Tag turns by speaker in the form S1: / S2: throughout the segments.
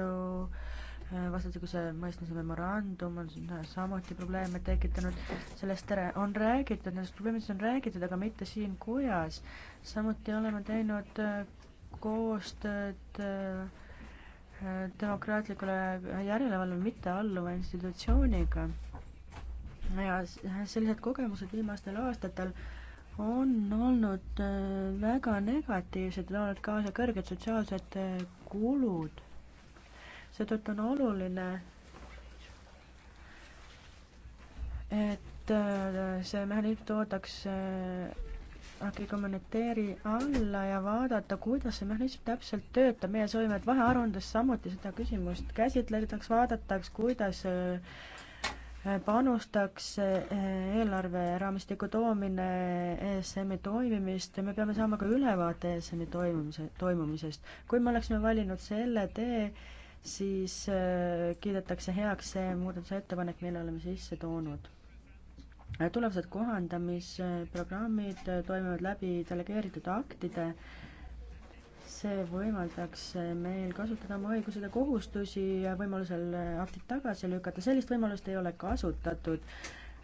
S1: Liidu äh, vastastikuse mõistmise memorandum on samuti probleeme tekitanud, sellest on räägitud, nendest probleemidest on räägitud, aga mitte siin kojas. samuti oleme teinud äh, koostööd äh, demokraatlikule järelevalvele mitte alluva institutsiooniga. ja sellised kogemused viimastel aastatel on olnud väga negatiivsed, toonud kaasa kõrged sotsiaalsed kulud seetõttu on oluline, et äh, see mehhanism toodakse äkki äh, kommenteeri alla ja vaadata, kuidas see mehhanism täpselt töötab. meie soovime, et vahearuandes samuti seda küsimust käsitletaks, vaadataks, kuidas äh, panustaks eelarveraamistiku toomine ESM-i toimimist ja me peame saama ka ülevaate ESM-i toimumise, toimumisest. kui me oleksime valinud selle tee, siis äh, kiidetakse heaks see muudatusettepanek, mille oleme sisse toonud. tulevased kohandamisprogrammid äh, toimuvad läbi delegeeritud aktide. see võimaldaks äh, meil kasutada oma õiguseid ja kohustusi ja võimalusel aktid tagasi lükata, sellist võimalust ei ole kasutatud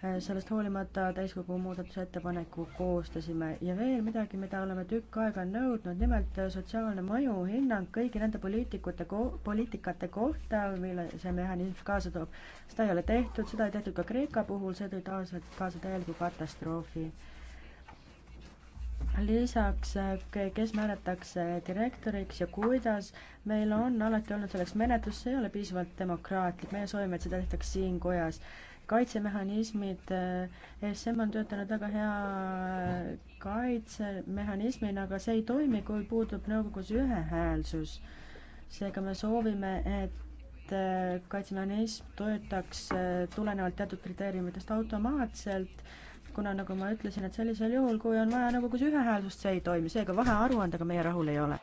S1: Äh, sellest hoolimata täiskogu muudatusettepaneku koostasime ja veel midagi, mida oleme tükk aega nõudnud, nimelt äh, sotsiaalne mõjuhinnang kõigi nende poliitikute ko-, poliitikate kohta, mille see mehhanism kaasa toob. seda ei ole tehtud, seda ei tehtud ka Kreeka puhul, see tõi taas kaasa täieliku katastroofi. lisaks, äh, kes määratakse direktoriks ja kuidas, meil on alati olnud selleks menetlus, see ei ole piisavalt demokraatlik, meie soovime, et seda tehtaks siin kojas kaitsemehhanismid, ESM on töötanud väga hea kaitsemehhanismina, aga see ei toimi, kui puudub nõukogus ühehäälsus. seega me soovime, et kaitsemehhanism töötaks tulenevalt teatud kriteeriumitest automaatselt, kuna nagu ma ütlesin, et sellisel juhul, kui on vaja nõukogus ühehäälsust, see ei toimi, seega vahearuandega meie rahul ei ole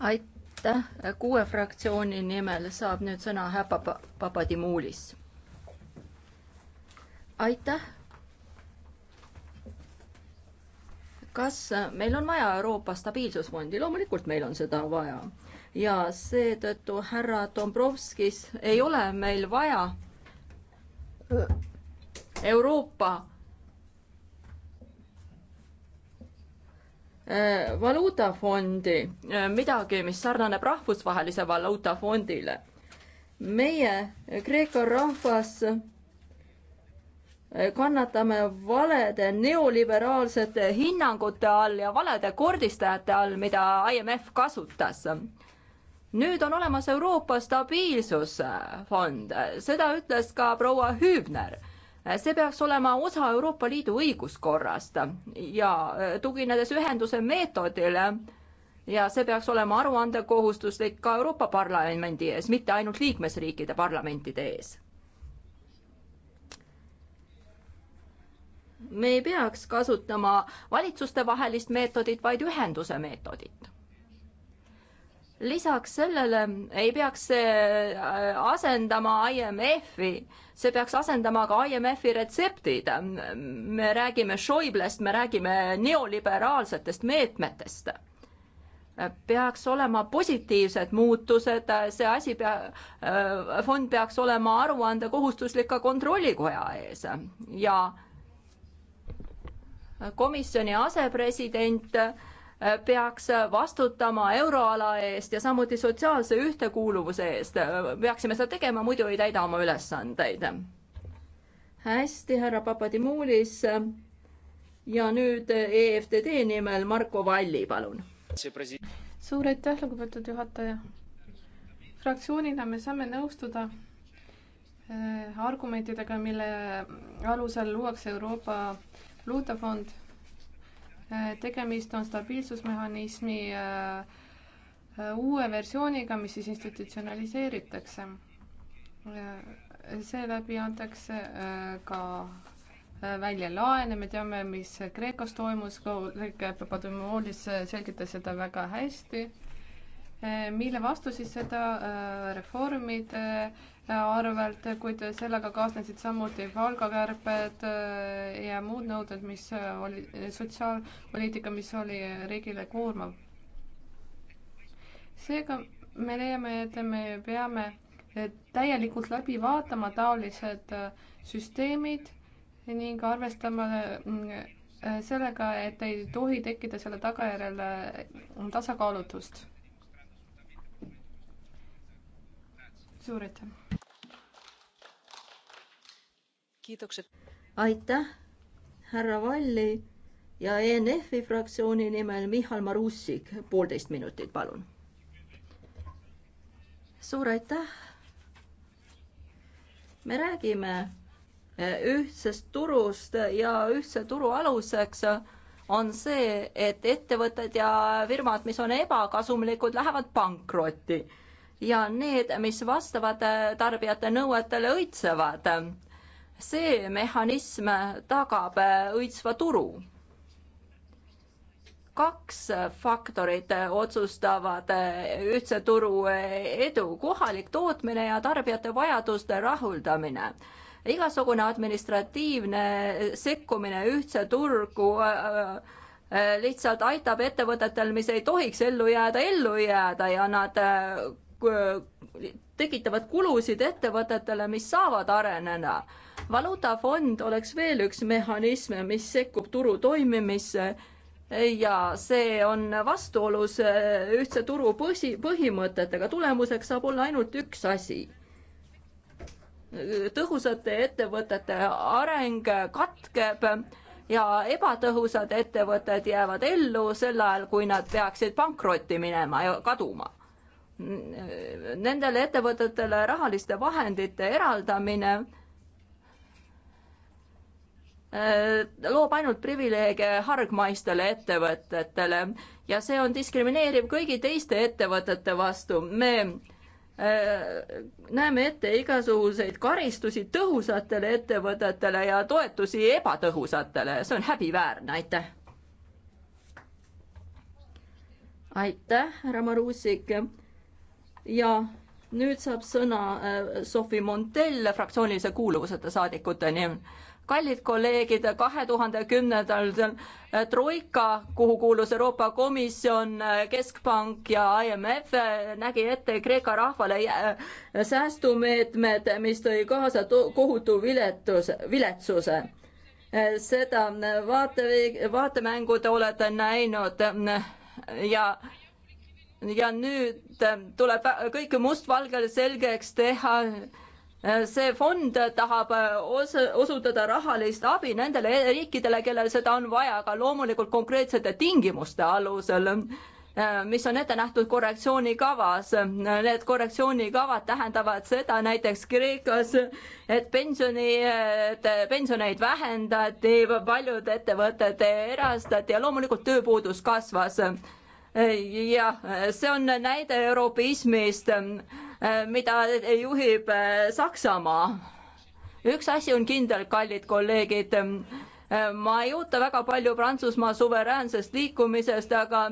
S2: aitäh, kuue fraktsiooni nimel saab nüüd sõna Häpa Papadimulis. aitäh. kas meil on vaja Euroopa stabiilsusfondi? loomulikult meil on seda vaja ja seetõttu härra Dombrovskis ei ole meil vaja Euroopa Äh, valuutafondi, äh, midagi, mis sarnaneb rahvusvahelise valuutafondile. meie, äh, Kreeka rahvas, kannatame valede neoliberaalsete hinnangute all ja valede kordistajate all, mida IMF kasutas nüüd on olemas Euroopa stabiilsusfond, seda ütles ka proua Hübner. Äh, see peaks olema osa Euroopa Liidu õiguskorrast ja äh, tuginedes ühenduse meetodile ja see peaks olema aruandekohustuslik ka Euroopa Parlamendi ees, mitte ainult liikmesriikide parlamentide ees. me ei peaks kasutama valitsustevahelist meetodit, vaid ühenduse meetodit lisaks sellele ei peaks see äh, asendama IMF-i see peaks asendama ka IMF-i retseptid. me räägime Schäublest, me räägime neoliberaalsetest meetmetest peaks olema positiivsed muutused, see asi pea, äh, fond peaks olema aruandekohustuslik ka kontrollikoja ees ja komisjoni asepresident Äh, peaks vastutama euroala eest ja samuti sotsiaalse ühtekuuluvuse eest. Äh, peaksime seda tegema, muidu ei täida oma ülesandeid. hästi, härra Papadimulis. ja nüüd EFTD nimel Marko Valli, palun.
S3: suur aitäh, lugupeetud juhataja. fraktsioonina me saame nõustuda äh, argumentidega, mille alusel luuakse Euroopa valuutafond tegemist on stabiilsusmehhanismi äh, uue versiooniga, mis siis institutsionaliseeritakse. seeläbi antakse äh, ka äh, välja laene, me teame, mis Kreekos toimus, kolleeg Papadimoolis selgitas seda väga hästi, mille vastu siis seda reformide arvelt, kuid sellega kaasnesid samuti palgakärped äh, ja muud nõuded, mis äh, oli sotsiaalpoliitika, mis oli riigile koormav. seega me leiame, et me peame äh, täielikult läbi vaatama taolised süsteemid ning arvestama sellega, et ei tohi tekkida selle tagajärjel tasakaalutust. suur aitäh!
S2: aitäh, härra Valli ja ENF-i fraktsiooni nimel Mihhail Marussik, poolteist minutit, palun. suur aitäh. me räägime eh, ühtsest turust ja ühtse turu aluseks on see, et ettevõtted ja firmad, mis on ebakasumlikud, lähevad pankrotti ja need, mis vastavad eh, tarbijate nõuetele, õitsevad see mehhanism tagab äh, õitsva turu kaks faktorit otsustavad äh, ühtse turu äh, edu, kohalik tootmine ja tarbijate vajaduste rahuldamine. igasugune administratiivne sekkumine ühtse turgu lihtsalt aitab ettevõtetel, mis ei tohiks ellu jääda, ellu jääda ja nad tekitavad kulusid ettevõtetele, mis saavad areneda. valuutafond oleks veel üks mehhanism, mis sekkub turu toimimisse ja see on vastuolus eh, ühtse turu põhi, põhimõtetega. tulemuseks saab olla ainult üks asi. tõhusate ettevõtete areng katkeb ja ebatõhusad ettevõtted jäävad ellu sel ajal, kui nad peaksid pankrotti minema ja kaduma nendele ettevõtetele rahaliste vahendite eraldamine eh, loob ainult privileege hargmaistele ettevõtetele ja see on diskrimineeriv kõigi teiste ettevõtete vastu. me eh, näeme ette igasuguseid karistusi tõhusatele ettevõtetele ja toetusi ebatõhusatele, see on häbiväärne, aitäh. aitäh, härra Marusik ja nüüd saab sõna äh, Sophie Montell fraktsioonilise kuuluvuseta saadikuteni. kallid kolleegid, kahe tuhande kümnendal äh, troika, kuhu kuulus Euroopa Komisjon, äh, Keskpank ja IMF, nägi ette Kreeka rahvale säästumeetmed, mis tõi kaasa kohutu viletus, viletsuse seda vaate, vaatemängu te olete näinud ja ja nüüd ähm, tuleb kõike mustvalgel selgeks teha. Äh, see fond tahab äh, os osutada rahalist abi nendele e-, riikidele, kellel seda on vaja, aga loomulikult konkreetsete tingimuste alusel äh, mis on ette nähtud korrektsioonikavas. Need korrektsioonikavad tähendavad seda näiteks Kreekas, et pensioni, pensioneid vähendati, paljud ettevõtted erastati ja loomulikult tööpuudus kasvas jah, see on näide europeismist, mida juhib Saksamaa. üks asi on kindel, kallid kolleegid ma ei oota väga palju Prantsusmaa suveräänsest liikumisest, aga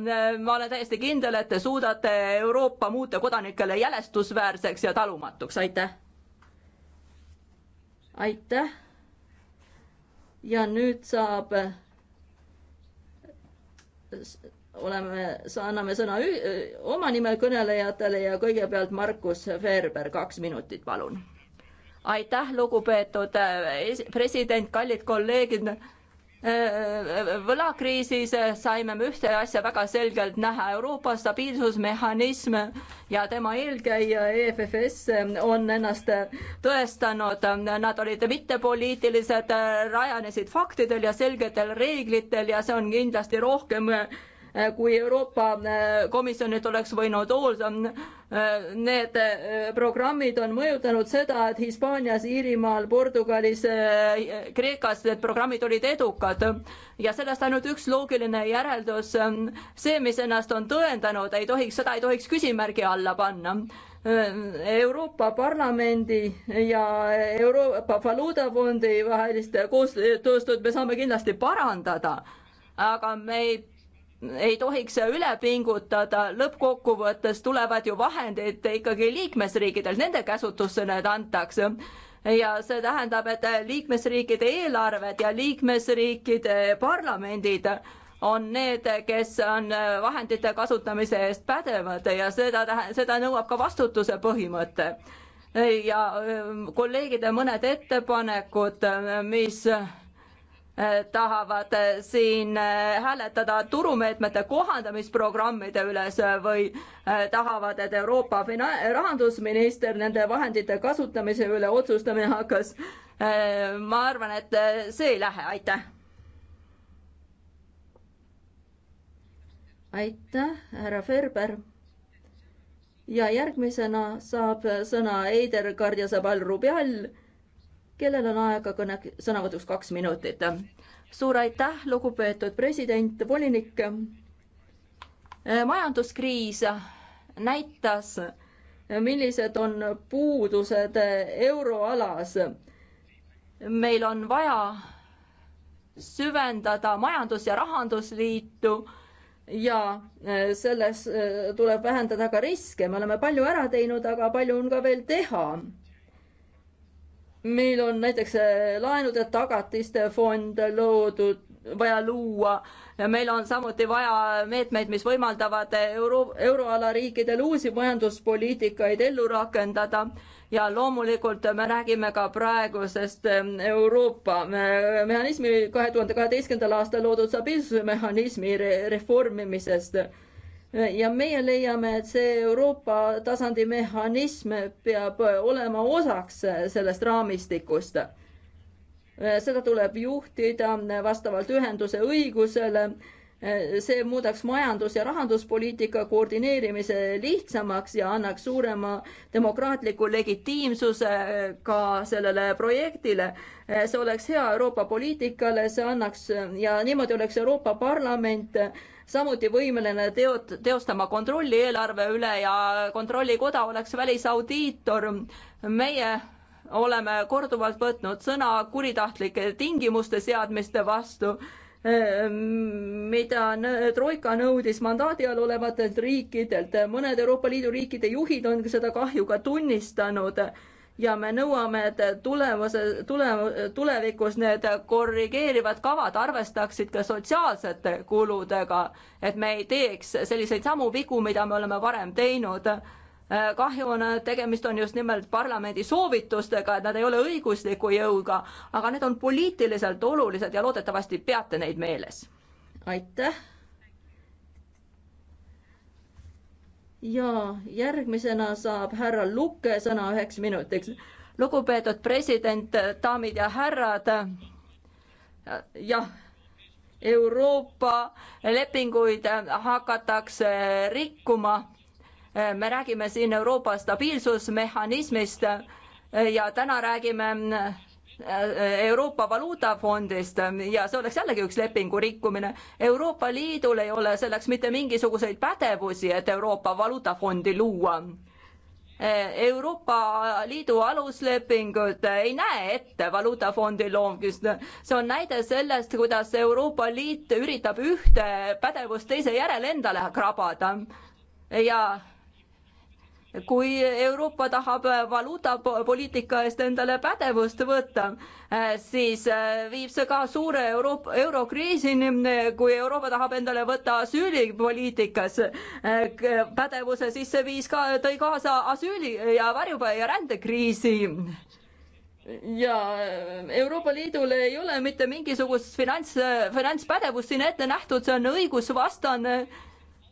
S2: ma olen täiesti kindel, et te suudate Euroopa muuta kodanikele jälestusväärseks ja talumatuks, aitäh. aitäh. ja nüüd saab oleme, anname sõna oma nimel kõnelejatele ja kõigepealt Markus Ferber, kaks minutit, palun. aitäh, lugupeetud äh, president, kallid kolleegid äh, äh, võlakriisis saime me ühte asja väga selgelt näha, Euroopa stabiilsusmehhanism ja tema eelkäija EFFS on ennast tõestanud, nad olid mittepoliitilised, rajanesid faktidel ja selgetel reeglitel ja see on kindlasti rohkem Eh, kui Euroopa eh, Komisjon nüüd oleks võinud hoolda, mm, eh, need programmid on mõjutanud seda, et Hispaanias, Iirimaal, Portugalis, Kreekas need programmid olid edukad ja sellest ainult üks loogiline järeldus, mm, see, mis ennast on tõendanud, ei tohiks, seda ei tohiks küsimärgi alla panna. Euroopa Parlamendi ja Euroopa Valuutafondi vahelist koostööd me saame kindlasti parandada, aga me ei ei tohiks üle pingutada, lõppkokkuvõttes tulevad ju vahendid ikkagi liikmesriikidel, nende käsutusse need antakse. ja see tähendab, et liikmesriikide eelarved ja liikmesriikide parlamendid on need, kes on vahendite kasutamise eest pädevad ja seda, seda nõuab ka vastutuse põhimõte. ja kolleegide mõned ettepanekud, mis tahavad siin äh, hääletada turumeetmete kohandamisprogrammide üles või äh, tahavad, et Euroopa rahandusminister nende vahendite kasutamise üle otsustama hakkas. Äh, ma arvan, et see ei lähe, aitäh. aitäh, härra Ferber. ja järgmisena saab sõna Eider Kardjasabal-Rubial kellel on aega kõne, sõnavõtuks kaks minutit. suur aitäh, lugupeetud president, volinik. Eh, majanduskriis näitas, millised on puudused euroalas. meil on vaja süvendada majandus- ja rahandusliitu ja eh, selles eh, tuleb vähendada ka riske, me oleme palju ära teinud, aga palju on ka veel teha meil on näiteks äh, laenude tagatiste fond loodud, vaja luua ja meil on samuti vaja meetmeid, mis võimaldavad äh, euro, euroala riikidel uusi majanduspoliitikaid ellu rakendada ja loomulikult me räägime ka praegusest ähm, Euroopa äh, mehhanismi kahe tuhande kaheteistkümnendal aastal loodud stabiilsusmehhanismi reformimisest ja meie leiame, et see Euroopa tasandi mehhanism peab olema osaks sellest raamistikust. seda tuleb juhtida vastavalt ühenduse õigusele. see muudaks majandus- ja rahanduspoliitika koordineerimise lihtsamaks ja annaks suurema demokraatliku legitiimsuse ka sellele projektile. see oleks hea Euroopa poliitikale, see annaks ja niimoodi oleks Euroopa Parlament samuti võimeline teot-, teostama kontrolli eelarve üle ja kontrollikoda oleks välisaudiitor. meie oleme korduvalt võtnud sõna kuritahtlike tingimuste seadmiste vastu mida Troika nõudis mandaadi all olevatelt riikidelt. mõned Euroopa Liidu riikide juhid on seda kahju ka tunnistanud ja me nõuame, et tulemuse, tule, tulevikus need korrigeerivad kavad arvestaksid ka sotsiaalsete kuludega, et me ei teeks selliseid samu vigu, mida me oleme varem teinud. kahju on, tegemist on just nimelt parlamendi soovitustega, et nad ei ole õigusliku jõuga, aga need on poliitiliselt olulised ja loodetavasti peate neid meeles. aitäh ja järgmisena saab härra Lukke sõna üheks minutiks. lugupeetud president, daamid ja härrad. jah Euroopa lepinguid hakatakse rikkuma. me räägime siin Euroopa stabiilsusmehhanismist ja täna räägime Euroopa Valuutafondist ja see oleks jällegi üks lepingu rikkumine. Euroopa Liidul ei ole selleks mitte mingisuguseid pädevusi, et Euroopa Valuutafondi luua. Euroopa Liidu aluslepingud ei näe ette valuutafondi loomist. see on näide sellest, kuidas Euroopa Liit üritab ühte pädevust teise järel endale krabada ja kui Euroopa tahab valuutapoliitika eest endale pädevust võtta, eh, siis eh, viib see ka suure Euroopa, eurokriisini, kui Euroopa tahab endale võtta asüülipoliitikas eh, pädevuse, siis see viis ka, tõi kaasa asüüli ja varjupäe ja rändekriisi ja Euroopa Liidul ei ole mitte mingisugust finants, finantspädevust siin ette nähtud, see on õigusvastane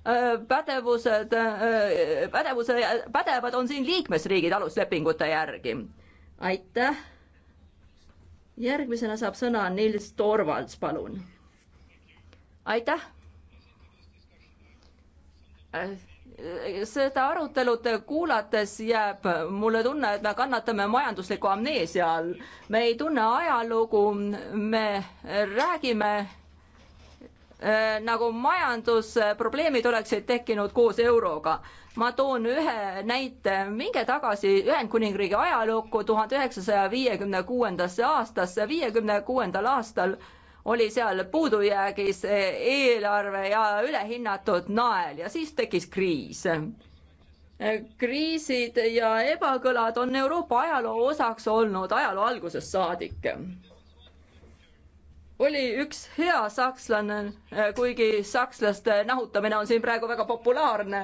S2: Äh, pädevused, äh, pädevuse, pädevad on siin liikmesriigid aluslepingute järgi. aitäh. järgmisena saab sõna Nils Torvalds, palun. aitäh. Äh, seda arutelut kuulates jääb mulle tunne, et me kannatame majandusliku amneesia all. me ei tunne ajalugu, me räägime Äh, nagu majandusprobleemid oleksid tekkinud koos euroga. ma toon ühe näite, minge tagasi Ühendkuningriigi ajalukku tuhande üheksasaja viiekümne kuuendasse aastasse, viiekümne kuuendal aastal oli seal puudujäägis eelarve ja ülehinnatud nael ja siis tekkis kriis kriisid ja ebakõlad on Euroopa ajaloo osaks olnud ajaloo algusest saadik oli üks hea sakslane, äh, kuigi sakslaste nahutamine on siin praegu väga populaarne.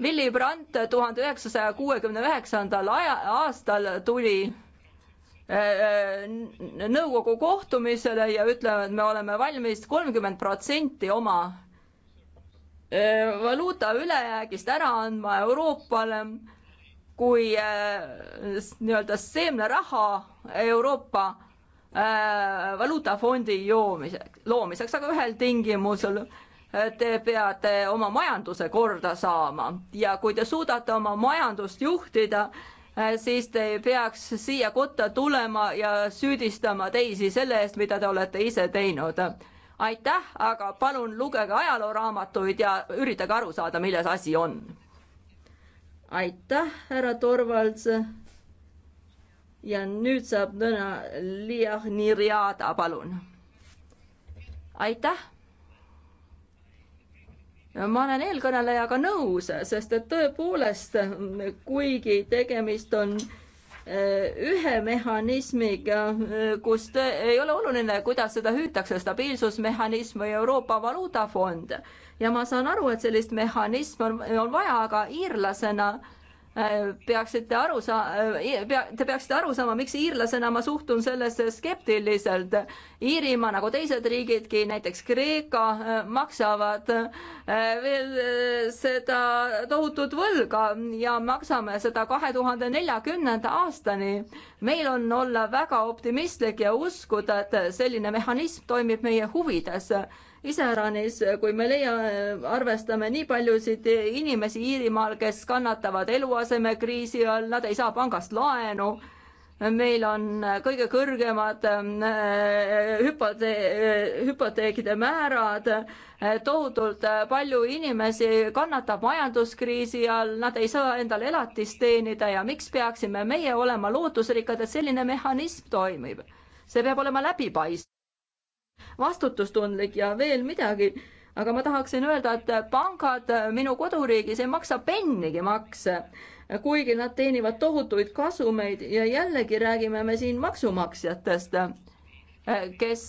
S2: Willy Brandt tuhande üheksasaja kuuekümne üheksandal aastal tuli äh, äh, nõukogu kohtumisele ja ütleme, et me oleme valmis kolmkümmend protsenti oma valuuta ülejäägist ära andma Euroopale kui nii-öelda seemneraha Euroopa Äh, valuutafondi joomiseks, loomiseks, aga ühel tingimusel te peate oma majanduse korda saama ja kui te suudate oma majandust juhtida, äh, siis te ei peaks siia kotta tulema ja süüdistama teisi selle eest, mida te olete ise teinud. aitäh, aga palun lugege ajalooraamatuid ja üritage aru saada, milles asi on. aitäh, härra Torvalds ja nüüd saab nõna Liah Nirjada, palun. aitäh. ma olen eelkõnelejaga nõus, sest et tõepoolest, kuigi tegemist on äh, ühe mehhanismiga, äh, kus ei ole oluline, kuidas seda hüütakse, stabiilsusmehhanism või Euroopa Valuutafond. ja ma saan aru, et sellist mehhanismi on, on vaja, aga iirlasena äh, peaksite aru saa-, äh, pea-, te peaksite aru saama, miks iirlasena ma suhtun sellesse skeptiliselt. Iirimaa nagu teised riigidki, näiteks Kreeka, äh, maksavad äh, veel seda tohutut võlga ja maksame seda kahe tuhande neljakümnenda aastani. meil on olla väga optimistlik ja uskuda, et selline mehhanism toimib meie huvides iseäranis, kui me leia, arvestame nii paljusid inimesi Iirimaal, kes kannatavad eluasemekriisi all, nad ei saa pangast laenu meil on kõige kõrgemad äh, hüpotee-, äh, hüpoteekide määrad, tohutult palju inimesi kannatab majanduskriisi all, nad ei saa endale elatist teenida ja miks peaksime meie olema lootusrikkad, et selline mehhanism toimib? see peab olema läbipaistev vastutustundlik ja veel midagi, aga ma tahaksin öelda, et pangad minu koduriigis ei maksa pennigi makse, kuigi nad teenivad tohutuid kasumeid ja jällegi räägime me siin maksumaksjatest kes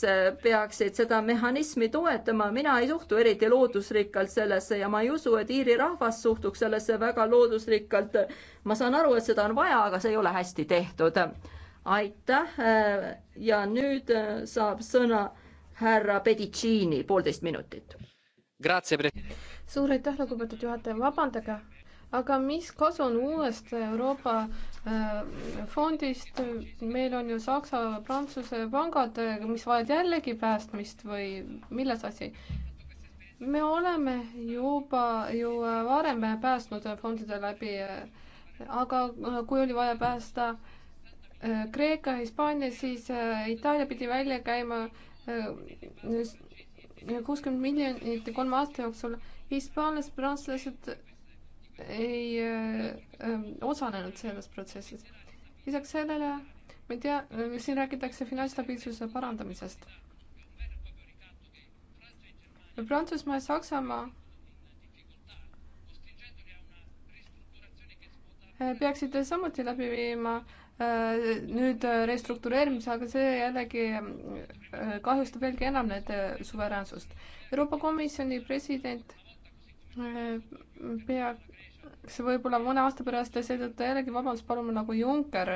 S2: peaksid seda mehhanismi toetama, mina ei suhtu eriti loodusrikkalt sellesse ja ma ei usu, et Iiri rahvas suhtuks sellesse väga loodusrikkalt. ma saan aru, et seda on vaja, aga see ei ole hästi tehtud. aitäh ja nüüd saab sõna härra Pedicini, poolteist minutit.
S3: suur aitäh, lugupeetud juhataja, vabandage, aga mis kasu on uuest Euroopa äh, fondist, meil on ju Saksa, Prantsuse pangad, mis vajavad jällegi päästmist või milles asi? me oleme juba ju varem päästnud fondide läbi, aga kui oli vaja päästa äh, Kreeka, Hispaania, siis äh, Itaalia pidi välja käima äh, Äh, äh, kuuskümmend miljonit kolme aasta jooksul, Hispaanias prantslased ei öö, äh, ähm, osalenud selles protsessis. lisaks sellele ma ei tea, siin räägitakse finantsstabiilsuse parandamisest. Prantsusmaa ja Saksamaa peaksid samuti läbi viima Äh, nüüd äh, restruktureerimise, aga see jällegi äh, kahjustab veelgi enam nende suveräänsust. Euroopa Komisjoni president peaks võib-olla mõne aasta pärast ja seetõttu jällegi vabandust paluma, nagu Juncker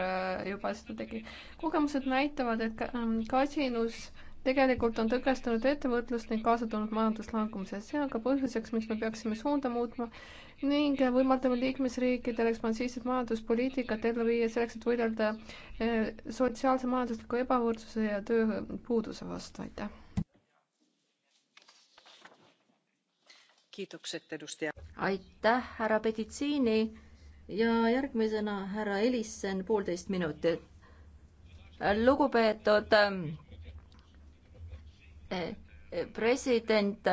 S3: juba seda tegi. kogemused näitavad, et ähm, kasinus ka tegelikult on tõkestanud ettevõtlust ning kaasa toonud majanduslangumise. see on ka põhjuseks, miks me peaksime suunda muutma ning võimaldame liikmesriikidel ekspansiivset majanduspoliitikat ellu viia selleks, et võidelda eh, sotsiaalse majandusliku ebavõrdsuse ja tööpuuduse vastu. aitäh! aitäh, härra Peditsini
S2: ja järgmisena härra Elissen, poolteist minutit. lugupeetud ähm, president,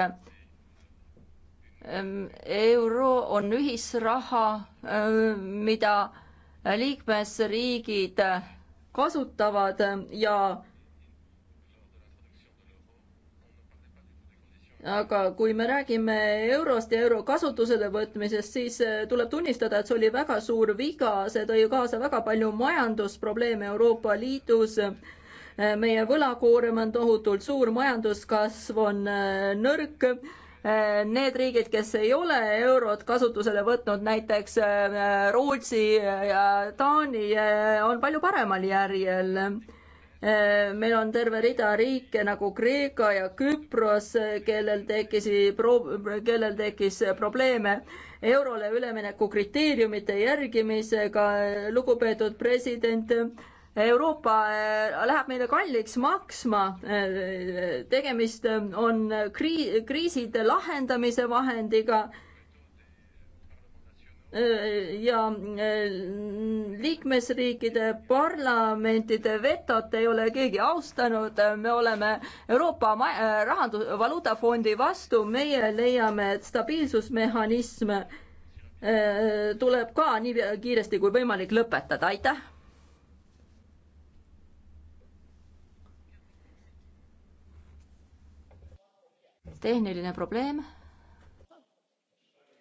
S2: ähm, euro on ühisraha, ähm, mida liikmesriigid kasutavad ja aga kui me räägime eurost ja euro kasutusele võtmisest, siis äh, tuleb tunnistada, et see oli väga suur viga, see tõi kaasa väga palju majandusprobleeme Euroopa Liidus meie võlakoorem on tohutult suur, majanduskasv on äh, nõrk. Äh, need riigid, kes ei ole eurot kasutusele võtnud, näiteks äh, Rootsi ja Taani, on palju paremal järjel meil on terve rida riike nagu Kreeka ja Küpros, kellel tekkis pro-, kellel tekkis probleeme eurole ülemineku kriteeriumite järgimisega. lugupeetud president, Euroopa äh, läheb meile kalliks maksma, äh, tegemist äh, on krii-, kriiside lahendamise vahendiga ja liikmesriikide parlamentide vetot ei ole keegi austanud, me oleme Euroopa rahandus, valuutafondi vastu, meie leiame, et stabiilsusmehhanism tuleb ka nii kiiresti kui võimalik lõpetada, aitäh! tehniline probleem.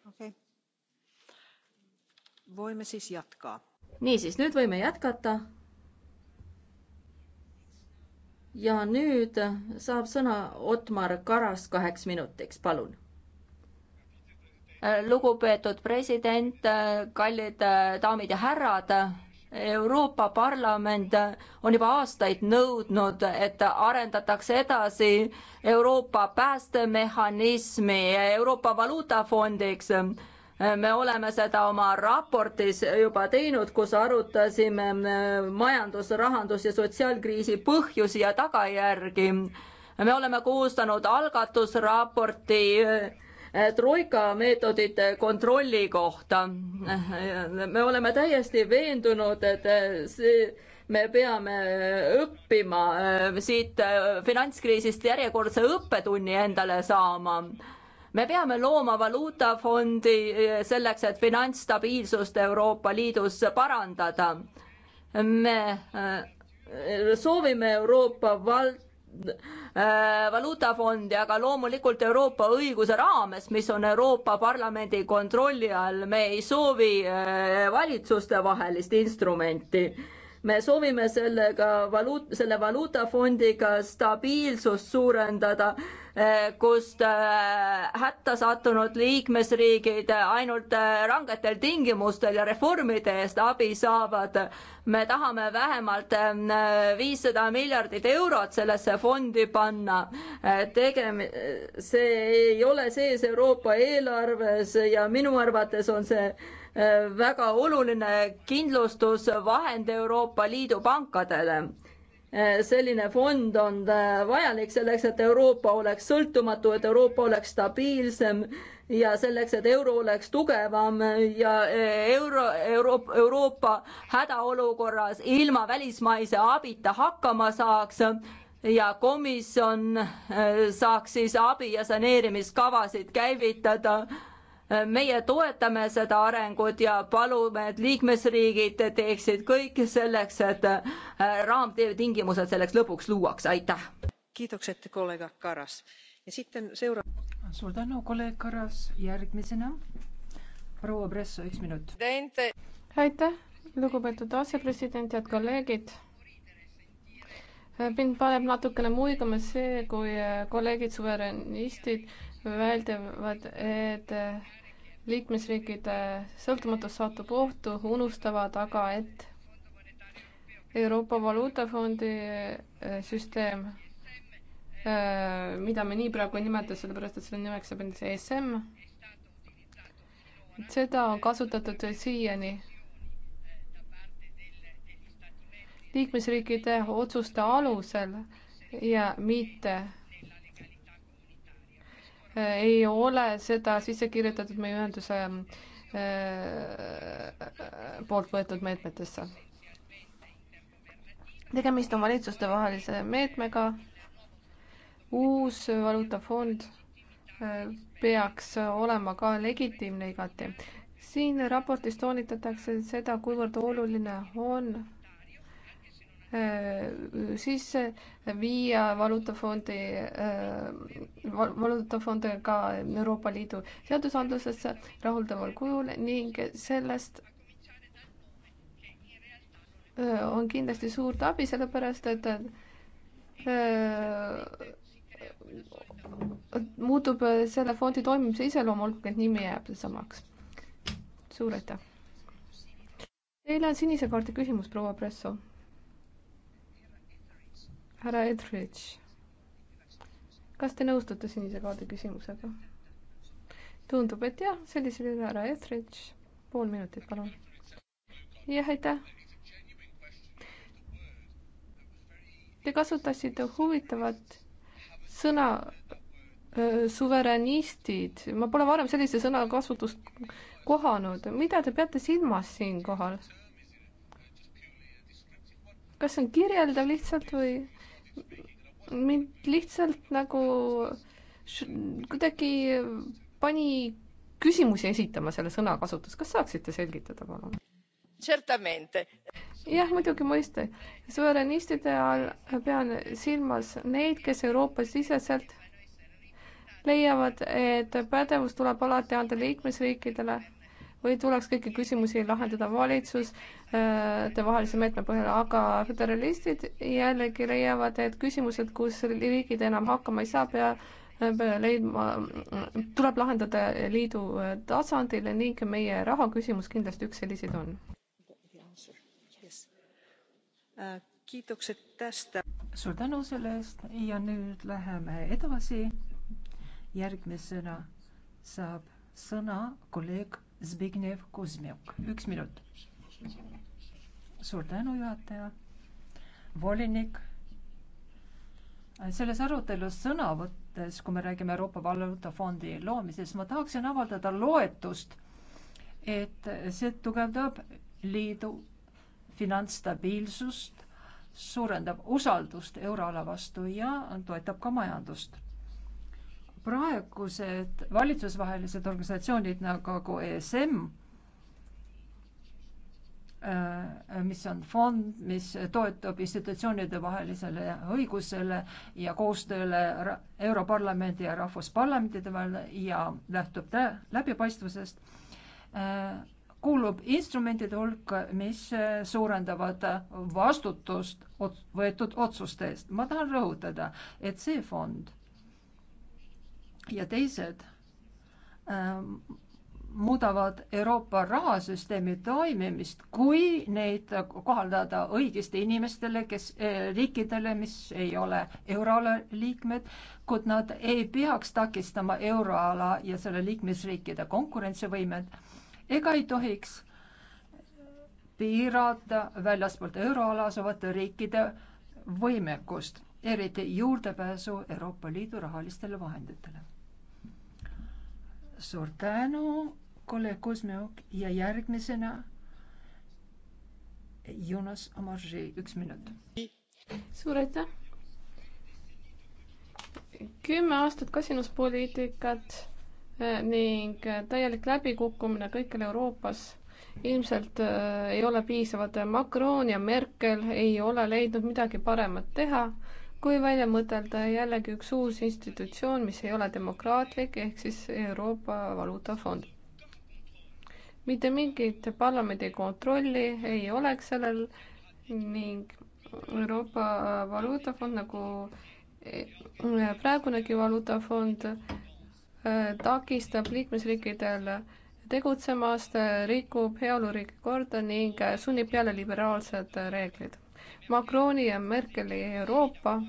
S2: okei okay.. võime siis jätka. niisiis, nüüd võime jätkata. ja nüüd saab sõna Otmar Karas kaheks minutiks, palun lugupeetud president, kallid daamid ja härrad Euroopa Parlament on juba aastaid nõudnud, et arendatakse edasi Euroopa päästemehhanismi Euroopa Valuutafondiks. me oleme seda oma raportis juba teinud, kus arutasime majandus, rahandus ja sotsiaalkriisi põhjusi ja tagajärgi. me oleme koostanud algatusraporti Äh, troika meetodite kontrolli kohta. me oleme täiesti veendunud, et äh, see, me peame äh, õppima siit finantskriisist järjekordse õppetunni endale saama me peame looma valuutafondi selleks, et finantsstabiilsust Euroopa Liidus parandada. me soovime Euroopa vald-, Äh, valuutafondi, aga loomulikult Euroopa õiguse raames, mis on Euroopa Parlamendi kontrolli all, me ei soovi äh, valitsustevahelist instrumenti. me soovime sellega valuut-, selle valuutafondiga stabiilsust suurendada Äh, kust äh, hätta sattunud liikmesriigid äh, ainult rangetel tingimustel ja reformide eest abi saavad. me tahame vähemalt viissada miljardit eurot sellesse fondi panna. tegem-, see ei ole sees Euroopa eelarves ja minu arvates on see väga oluline kindlustusvahend Euroopa Liidu pankadele Eh, selline fond on eh, vajalik selleks, et Euroopa oleks sõltumatu, et Euroopa oleks stabiilsem ja selleks, et euro oleks tugevam ja eh, euro, Euroopa, Euroopa hädaolukorras ilma välismaise abita hakkama saaks ja komisjon saaks siis abi ja saneerimiskavasid käivitada meie toetame seda arengut ja palume, et liikmesriigid teeksid kõik selleks, et äh, raamtingimused selleks lõpuks luuakse, aitäh. kiitokset, kolleeg Karas. ja siit on seura-.
S4: suur tänu, kolleeg Karas, järgmisena
S2: proua Bresso,
S4: üks minut.
S3: aitäh, lugupeetud asepresident, head kolleegid mind paneb natukene muigama see, kui äh, kolleegid suveräänistid väidavad, et äh, liikmesriikide sõltumatus satub ohtu, unustavad aga, et Euroopa Valuutafondi äh, süsteem, äh, mida me nii praegu ei nimeta, sellepärast et selle nimeks saab endise ESM, seda on kasutatud siiani liikmesriikide otsuste alusel ja mitte Äh, ei ole seda sisse kirjutatud meie ühenduse äh, poolt võetud meetmetesse. tegemist on valitsustevahelise meetmega. uus valuutafond äh, peaks olema ka legitiimne igati. siin raportis toonitatakse seda, kuivõrd oluline on Äh, sisse viia valuutafondi, äh, valuutafonde ka Euroopa Liidu seadusandlusesse rahuldaval kujul ning sellest äh, on kindlasti suurt abi, sellepärast et muutub selle fondi toimimise iseloom, olgugi et nimi jääb samaks. suur aitäh! Teile on sinise kaardi küsimus, proua Presso härra Edridge, kas te nõustute sinise kaardi küsimusega? tundub, et jah, sellisel juhul härra Edridge, pool minutit, palun. jah, aitäh. Te kasutasite huvitavat sõna suveräänistid, ma pole varem sellise sõnakasutust kohanud, mida te peate silmas siinkohal? kas see on kirjeldav lihtsalt või mind lihtsalt nagu kuidagi pani küsimusi esitama selle sõnakasutus, kas saaksite selgitada, palun?
S2: jah,
S3: muidugi mõista. suveräänistide all pean silmas neid, kes Euroopa-siseselt leiavad, et pädevus tuleb alati anda liikmesriikidele või tuleks kõiki küsimusi lahendada valitsuste äh, vahelise meetme põhjal, aga föderalistid jällegi leiavad, et küsimused, kus riigid enam hakkama ei saa, peab äh, leidma, tuleb lahendada liidu äh, tasandil ning meie raha küsimus kindlasti üks selliseid on.
S4: kiitokset tästä. suur tänu selle eest ja nüüd läheme edasi. järgmisena saab sõna kolleeg Zbigniew Kuzmjuk, üks minut. suur tänu, juhataja, volinik. selles arutelus sõna võttes, kui me räägime Euroopa Valuutafondi loomisest, ma tahaksin avaldada loetust, et see tugevdab liidu finantsstabiilsust, suurendab usaldust euroala vastu ja toetab ka majandust praegused valitsusvahelised organisatsioonid nagu ESM, äh, mis on fond, mis toetub institutsioonide vahelisele õigusele ja koostööle Europarlamendi ja rahvusparlamentide vahel ja lähtub läbipaistvusest, äh, kuulub instrumentide hulka, mis äh, suurendavad vastutust võetud otsuste eest. ma tahan rõhutada, et see fond ja teised ähm, muudavad Euroopa rahasüsteemi toimimist, kui neid kohaldada õigesti inimestele, kes eh,, riikidele, mis ei ole euroala liikmed, kuid nad ei peaks takistama euroala ja selle liikmesriikide konkurentsivõimet ega ei tohiks piirata väljaspoolt euroala asuvate riikide võimekust, eriti juurdepääsu Euroopa Liidu rahalistele vahenditele suur tänu, kolleeg Kuzmjuk ja järgmisena Jonas Omarži, üks minut.
S3: suur aitäh. kümme aastat kasinuspoliitikat eh, ning eh, täielik läbikukkumine kõikjal Euroopas ilmselt äh, ei ole piisavad. Macron ja Merkel ei ole leidnud midagi paremat teha kui välja mõtelda jällegi üks uus institutsioon, mis ei ole demokraatlik, ehk siis Euroopa Valuutafond. mitte mingit parlamendi kontrolli ei oleks sellel ning Euroopa Valuutafond nagu eh, praegunegi valuutafond eh, takistab liikmesriikidel tegutsemast, rikub heaoluriigi korda ning sunnib peale liberaalsed reeglid. Macroni ja Merkeli Euroopa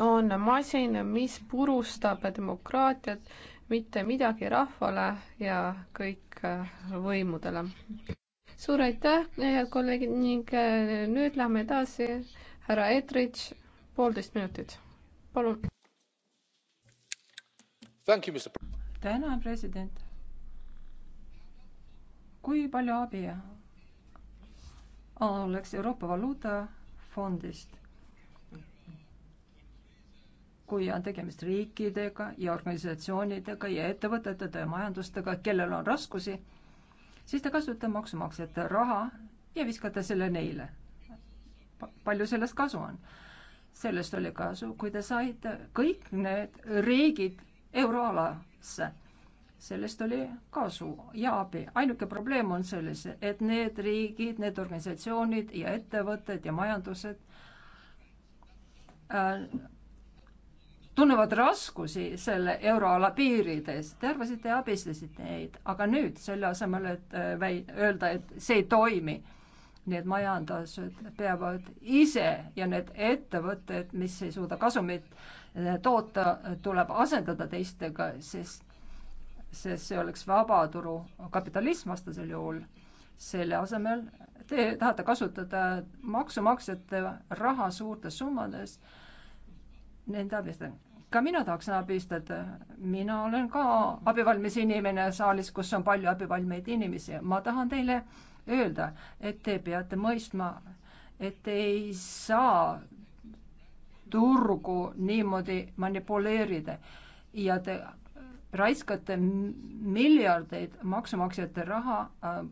S3: on masin, mis purustab demokraatiat, mitte midagi rahvale ja kõik äh, võimudele. suur aitäh, head kolleegid ning äh, nüüd lähme edasi. härra Etrich, poolteist minutit, palun. tänan, president. kui palju
S4: abi oleks Euroopa Valuutafondist kui on tegemist riikidega ja organisatsioonidega ja ettevõtetega ja majandustega, kellel on raskusi, siis te kasutate maksumaksjate raha ja viskate selle neile. palju sellest kasu on? sellest oli kasu, kui te saite kõik need riigid euroalasse sellest oli kasu ja abi. ainuke probleem on selles, et need riigid, need organisatsioonid ja ettevõtted ja majandused äh, tunnevad raskusi selle euroala piirides. Te arvasite ja abistasite neid, aga nüüd selle asemel, et äh, väi-, öelda, et see ei toimi, need majandused peavad ise ja need ettevõtted, mis ei suuda kasumit äh, toota, tuleb asendada teistega, sest sest see oleks vabaturu kapitalism vastasel juhul. selle asemel te tahate kasutada maksumaksjate raha suurtes summades nende abistamiseks. ka mina tahaksin abistada, mina olen ka abivalmis inimene saalis, kus on palju abivalmeid inimesi, ma tahan teile öelda, et te peate mõistma, et te ei saa turgu niimoodi manipuleerida ja te raiskate miljardeid maksumaksjate raha äh,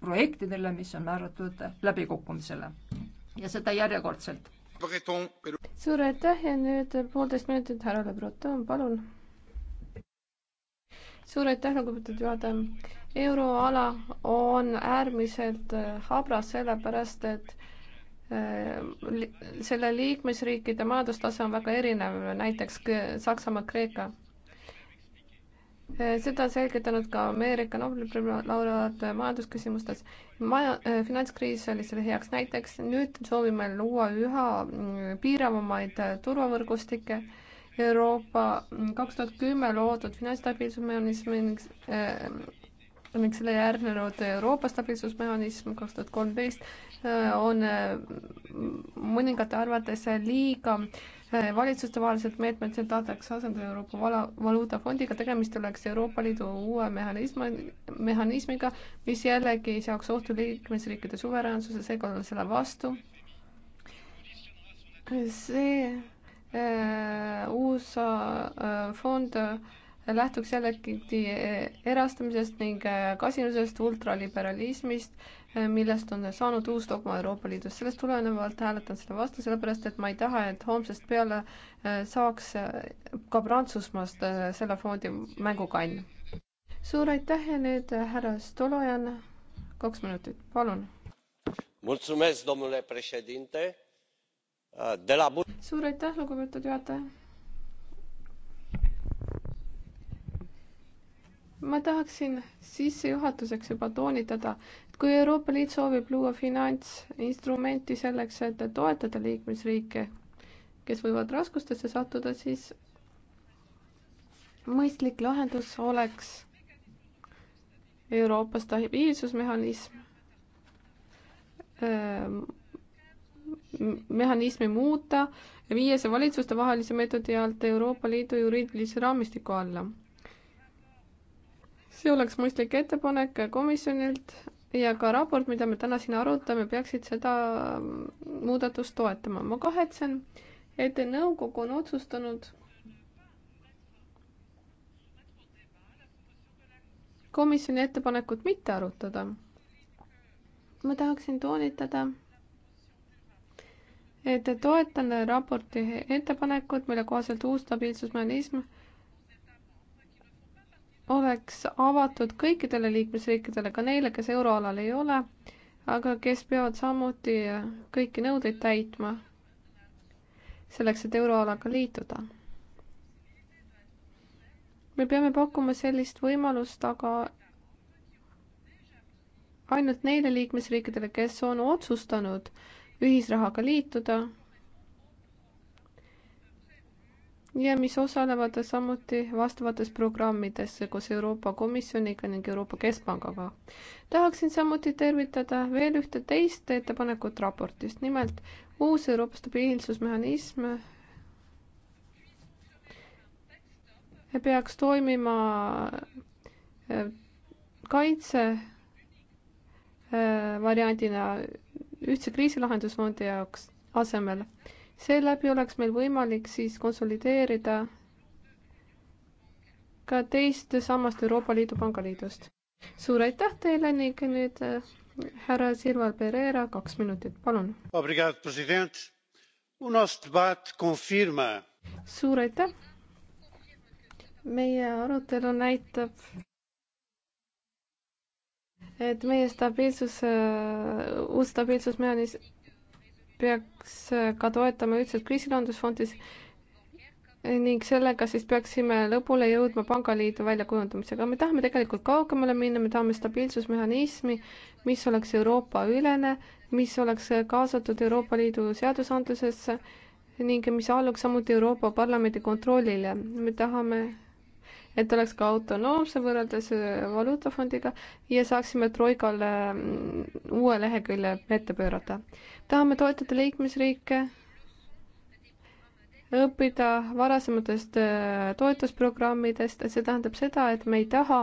S4: projektidele, mis on määratud läbikukkumisele ja seda järjekordselt.
S3: suur aitäh ja nüüd poolteist minutit härra Le Breton, palun. suur aitäh, lugupeetud juhataja. euroala on äärmiselt äh, habras, sellepärast et äh, selle liikmesriikide majandustase on väga erinev, näiteks Saksamaa, Kreeka Äh, seda on selgitanud ka Ameerika Nobeli preemia laureaat äh, majandusküsimustes. maja, äh, finantskriis oli selle heaks näiteks, nüüd soovime luua üha mm, piiravamaid turvavõrgustikke. Euroopa mm, kaks tuhat kümme loodud finantsstabiilsusmehhanism ning ning selle järgnenud Euroopa stabiilsusmehhanism kaks tuhat kolmteist on mõningate arvates liiga äh, Eh, valitsustevahelised meetmed, see tahetakse asendada Euroopa vala, valuutafondiga, tegemist oleks Euroopa Liidu uue mehhanismi, mehhanismiga, mis jällegi seaks ohtu liikmesriikide suveräänsuse, seega olen selle vastu. see äh, uus äh, fond lähtuks jällegi erastamisest ning kasinusest, ultraliberalismist millest on saanud uus dogma Euroopa Liidus. sellest tulenevalt hääletan selle vastu, sellepärast et ma ei taha, et homsest peale äh, saaks äh, ka Prantsusmaast äh, selle fondi mängukann. suur aitäh ja nüüd härra Stolojan, kaks minutit, palun. suur aitäh, lugupeetud juhataja. ma tahaksin sissejuhatuseks juba toonitada, kui Euroopa Liit soovib luua finantsinstrumenti selleks, et toetada liikmesriike, kes võivad raskustesse sattuda, siis mõistlik lahendus oleks Euroopa stabiilsusmehhanism, äh, mehhanismi muuta viiese valitsustevahelise meetodi alt Euroopa Liidu juriidilise raamistiku alla. see oleks mõistlik ettepanek komisjonilt ja ka raport, mida me täna siin arutame, peaksid seda mm, muudatust toetama. ma kahetsen, et nõukogu on otsustanud komisjoni ettepanekut mitte arutada. ma tahaksin toonitada, et toetan raporti ettepanekut, mille kohaselt uus stabiilsusmehhanism oleks avatud kõikidele liikmesriikidele, ka neile, kes euroalal ei ole, aga kes peavad samuti kõiki nõudeid täitma selleks, et euroalaga liituda. me peame pakkuma sellist võimalust, aga ainult neile liikmesriikidele, kes on otsustanud ühisrahaga liituda ja mis osalevad samuti vastavates programmides koos Euroopa Komisjoniga ning Euroopa Keskpangaga. tahaksin samuti tervitada veel ühte teist ettepanekut raportist, nimelt uus Euroopa stabiilsusmehhanism peaks toimima äh, kaitse äh, variandina ühtse kriisilahendusfondi jaoks asemel seeläbi oleks meil võimalik siis konsolideerida ka teist sammast Euroopa Liidu Pangaliidust. suur aitäh teile ning nüüd äh, härra Silva Pereira, kaks minutit, palun. suur aitäh. meie arutelu näitab, et meie stabiilsus, äh, uus stabiilsusmehhanism peaks äh, ka toetama ühtset kriisilahendusfondis ning sellega siis peaksime lõpule jõudma pangaliidu väljakujundamisega. me tahame tegelikult kaugemale minna, me tahame stabiilsusmehhanismi, mis oleks Euroopa-ülene, mis oleks kaasatud Euroopa Liidu seadusandlusesse ning mis alluks samuti Euroopa Parlamendi kontrollile. me tahame, et oleks ka autonoomse võrreldes äh, Valuutafondiga ja saaksime Troikale mm, uue lehekülje ette pöörata tahame toetada liikmesriike, õppida varasematest äh, toetusprogrammidest, see tähendab seda, et me ei taha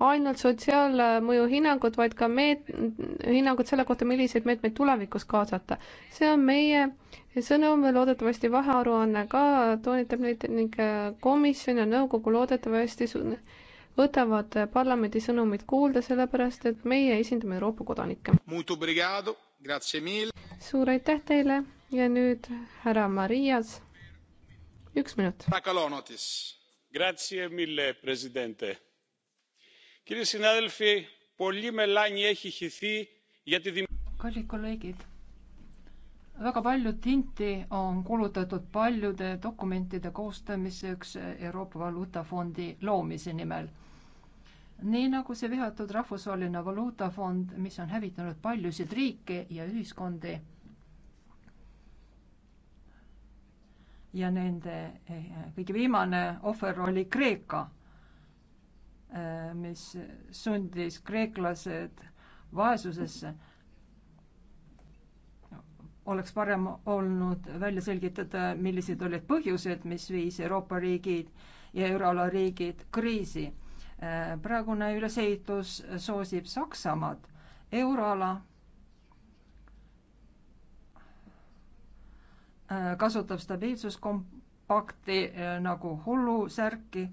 S3: ainult sotsiaalmõju hinnangut, vaid ka meet-, hinnangut selle kohta, milliseid meetmeid tulevikus kaasata. see on meie sõnum, loodetavasti vahearuanne ka toonitab neid ning äh, komisjon ja nõukogu loodetavasti võtavad parlamendi sõnumit kuulda, sellepärast et meie esindame Euroopa kodanikke. suur aitäh teile ja nüüd härra Marias, üks minut.
S1: Grazie mille, presidente kallid
S4: kolleegid, väga palju tinti on kulutatud paljude dokumentide koostamiseks Euroopa Valuutafondi loomise nimel. nii nagu see vihatud Rahvusvaheline Valuutafond, mis on hävitanud paljusid riike ja ühiskondi ja nende eh, kõige viimane ohver oli Kreeka Äh, mis sundis kreeklased vaesusesse. oleks parem olnud välja selgitada, millised olid põhjused, mis viis Euroopa riigid ja euroala riigid kriisi. Äh, praegune ülesehitus soosib Saksamaad, euroala äh, kasutab stabiilsuskompakti nagu hullusärki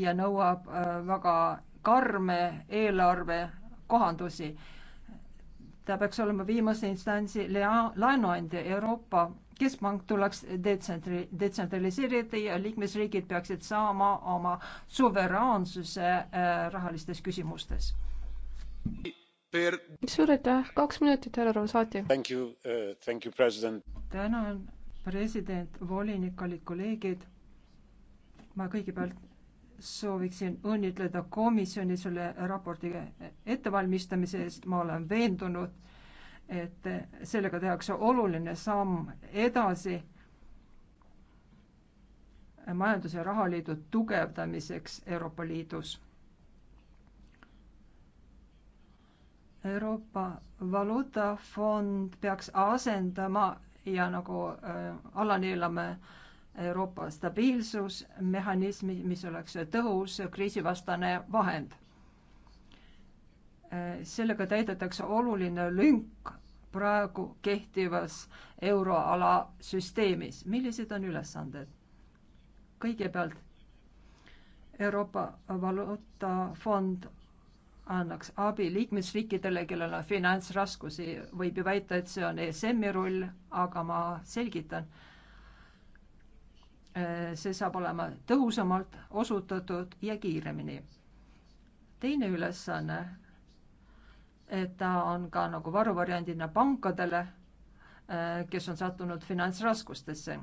S4: ja nõuab äh, väga karme eelarvekohandusi. ta peaks olema viimase instantsi laenuandja Euroopa Keskpank tuleks detsentri-, detsentraliseerida ja liikmesriigid peaksid saama oma suveräänsuse äh, rahalistes küsimustes
S1: per....
S3: suur aitäh, kaks minutit, härra Rosati.
S1: Uh,
S4: tänan, president, volinik, kallid kolleegid. ma kõigepealt sooviksin õnnitleda komisjoni selle raporti ettevalmistamise eest, ma olen veendunud, et sellega tehakse oluline samm edasi majandus- ja rahaliidu tugevdamiseks Euroopa Liidus. Euroopa Valuutafond peaks asendama ja nagu äh, Allan Eelmäe äh, Euroopa stabiilsusmehhanismi, mis oleks tõhus kriisivastane vahend. sellega täidetakse oluline lünk praegu kehtivas euroala süsteemis. millised on ülesanded? kõigepealt Euroopa Valuutafond annaks abi liikmesriikidele, kellel on finantsraskusi. võib ju väita, et see on ESM-i roll, aga ma selgitan Äh, see saab olema tõhusamalt osutatud ja kiiremini. teine ülesanne, et ta on ka nagu varuvariandina pankadele, äh, kes on sattunud finantsraskustesse.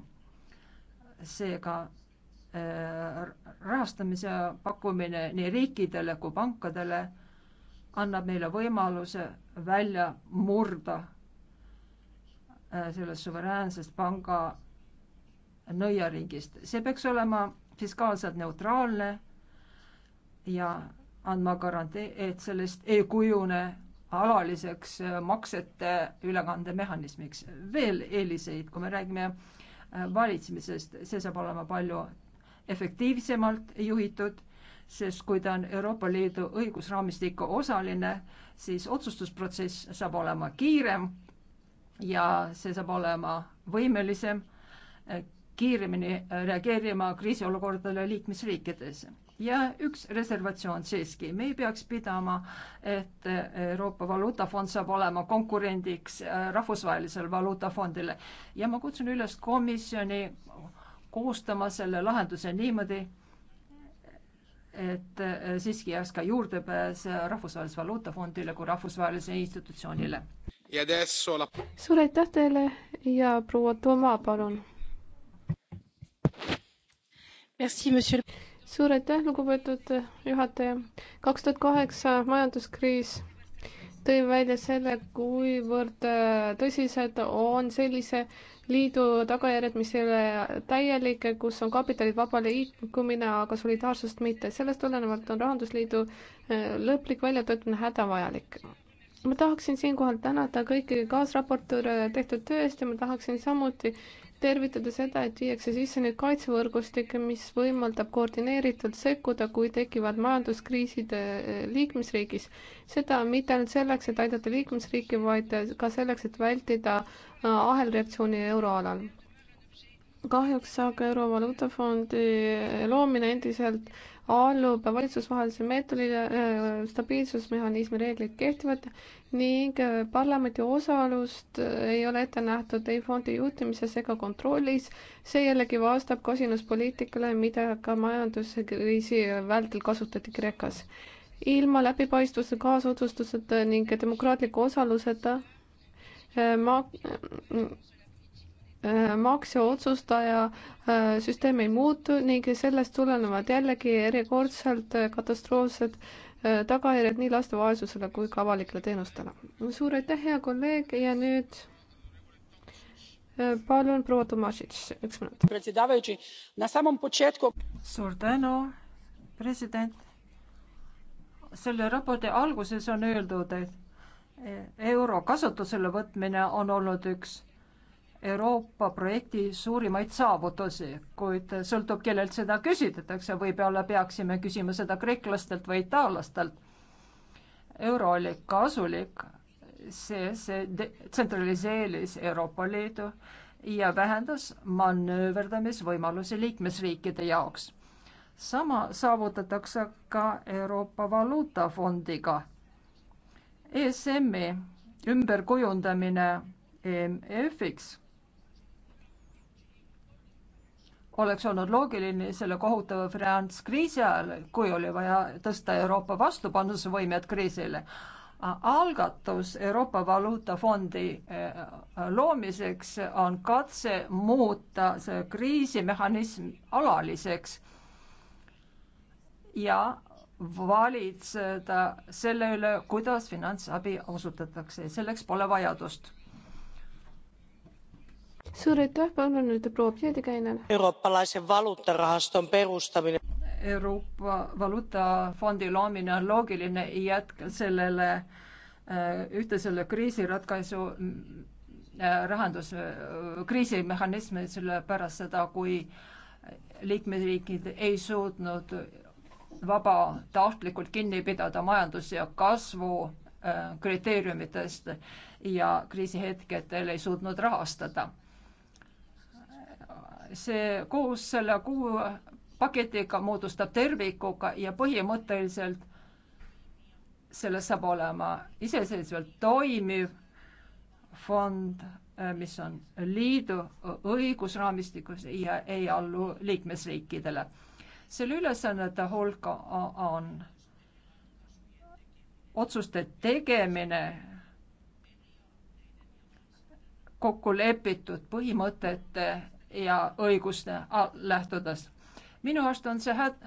S4: seega äh, rahastamise pakkumine nii riikidele kui pankadele annab meile võimaluse välja murda sellest suveräänsest panga nõiaringist. see peaks olema fiskaalselt neutraalne ja andma garantee, et sellest ei kujune alaliseks äh, maksete ülekandemehhanismiks. veel eeliseid, kui me räägime äh, valitsemisest, see saab olema palju efektiivsemalt juhitud, sest kui ta on Euroopa Liidu õigusraamistiku osaline, siis otsustusprotsess saab olema kiirem ja see saab olema võimelisem äh, kiiremini äh, reageerima kriisiolukordadele liikmesriikides. ja üks reservatsioon siiski, me ei peaks pidama, et äh, Euroopa Valuutafond saab olema konkurendiks äh, Rahvusvahelisele Valuutafondile ja ma kutsun üles komisjoni koostama selle lahenduse niimoodi, et siiski jääks ka juurdepääs Rahvusvahelise Valuutafondile kui rahvusvahelisele institutsioonile.
S3: suur aitäh teile ja proua Toma, palun suur aitäh, lugupeetud juhataja. kaks tuhat kaheksa majanduskriis tõi välja selle, kuivõrd äh, tõsised on sellise liidu tagajärjed, mis ei ole täielik, kus on kapitalid vaba liikumine, aga solidaarsust mitte. sellest tulenevalt on Rahandusliidu äh, lõplik väljatöötamine hädavajalik. ma tahaksin siinkohal tänada kõiki kaasraportööre tehtud töö eest ja ma tahaksin samuti äh, tervitada seda, et viiakse sisse nüüd kaitsevõrgustik, mis võimaldab koordineeritult sekkuda, kui tekivad majanduskriisid eh, liikmesriigis. seda mitte ainult selleks, et aidata liikmesriiki, vaid ka selleks, et vältida eh, ahelreaktsiooni euroalal. kahjuks aga Eurovaluutafondi eh, loomine endiselt allub valitsusvahelisele meetodile, äh, stabiilsusmehhanismi reeglid kehtivad ning äh, parlamendi osalust äh, ei ole ette nähtud ei fondi juhtimises ega kontrollis. see jällegi vastab kasinuspoliitikale, mida ka majanduskriisi vältel kasutati Kreekas. ilma läbipaistvuse, kaasotsustuseta ning demokraatliku osaluseta ma Äh, makse otsustaja äh, süsteem ei muutu ning sellest tulenevad jällegi erikordselt äh, katastroofsed tagajärjed nii laste vaesusele kui ka avalikele teenustele. suur aitäh, hea kolleeg ja nüüd palun proua Tomašitš, üks minut.
S4: suur tänu, president. selle raporti alguses on öeldud, et euro kasutusele võtmine on olnud üks Euroopa projekti suurimaid saavutusi, kuid sõltub, kellelt seda küsitletakse, võib-olla peaksime küsima seda kreeklastelt või itaallastelt. euro oli kasulik, see, see tsentraliseeris Euroopa Liidu ja vähendas manööverdamisvõimalusi liikmesriikide jaoks. sama saavutatakse ka Euroopa Valuutafondiga. ESM-i ümberkujundamine EMF-iks oleks olnud loogiline selle kohutava finantskriisi ajal, kui oli vaja tõsta Euroopa vastupanusvõimet kriisile. algatus Euroopa Valuutafondi eh, loomiseks on katse muuta see kriisimehhanism alaliseks ja valitseda selle üle, kuidas finantsabi osutatakse, selleks pole vajadust
S3: suur aitäh, palun nüüd proua Pietikäinen.
S1: eurooppalaise valuutarahaston perustamine.
S4: Euroopa Valuutafondi loomine on loogiline jätk sellele äh, ühtlasele kriisiratkaisu äh, rahanduskriisi äh, mehhanismidele pärast seda, kui liikmesriigid ei suutnud vabatahtlikult kinni pidada majandus- ja kasvu kriteeriumitest ja kriisihetkedel ei suutnud rahastada see koos selle kuu paketiga moodustab tervikuga ja põhimõtteliselt sellest saab olema iseseisvalt toimiv fond, eh, mis on liidu õigusraamistikus ja ei allu liikmesriikidele. selle ülesannete hulk on otsuste tegemine kokku lepitud põhimõtete ja õiguste lähtudes. minu arust on see häd-,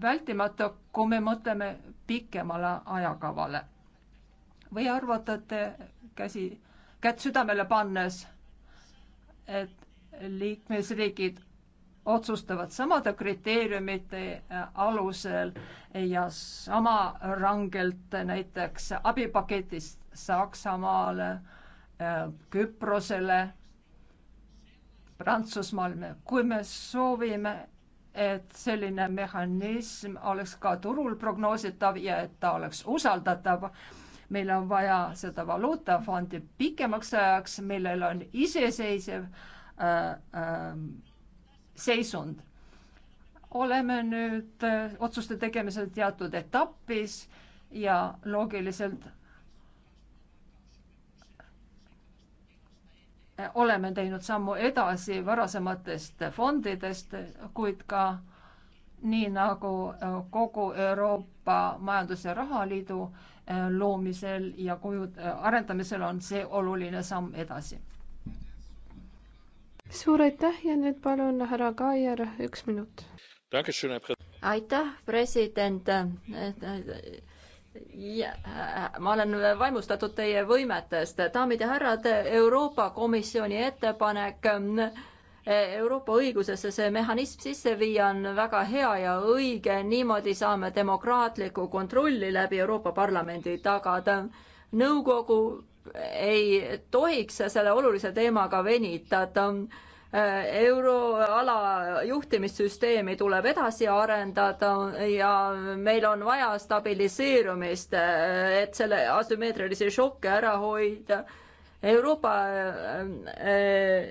S4: vältimatu, kui me mõtleme pikemale ajakavale. või arvatate käsi, kätt südamele pannes, et liikmesriigid otsustavad samade kriteeriumite alusel ja sama rangelt näiteks abipaketist Saksamaale, Küprosele Prantsusmaal, kui me soovime, et selline mehhanism oleks ka turul prognoositav ja et ta oleks usaldatav, meil on vaja seda valuutafondi pikemaks ajaks, millel on iseseisev äh, äh, seisund. oleme nüüd äh, otsuste tegemisel teatud etapis ja loogiliselt Eh, oleme teinud sammu edasi varasematest fondidest, kuid ka nii nagu eh, kogu Euroopa Majandus- ja Rahaliidu eh, loomisel ja kuju arendamisel on see oluline samm edasi.
S3: suur aitäh ja nüüd palun härra Kaier, üks minut. aitäh, president
S2: ja äh, ma olen vaimustatud teie võimetest. daamid ja härrad, Euroopa Komisjoni ettepanek äh, Euroopa õigusesse see mehhanism sisse viia on väga hea ja õige, niimoodi saame demokraatliku kontrolli läbi Euroopa Parlamendi tagada. nõukogu ei tohiks selle olulise teemaga venitada Äh, euroala juhtimissüsteemi tuleb edasi arendada ja meil on vaja stabiliseerumist, äh, et selle asümmeetrilisi šokke ära hoida. Euroopa äh,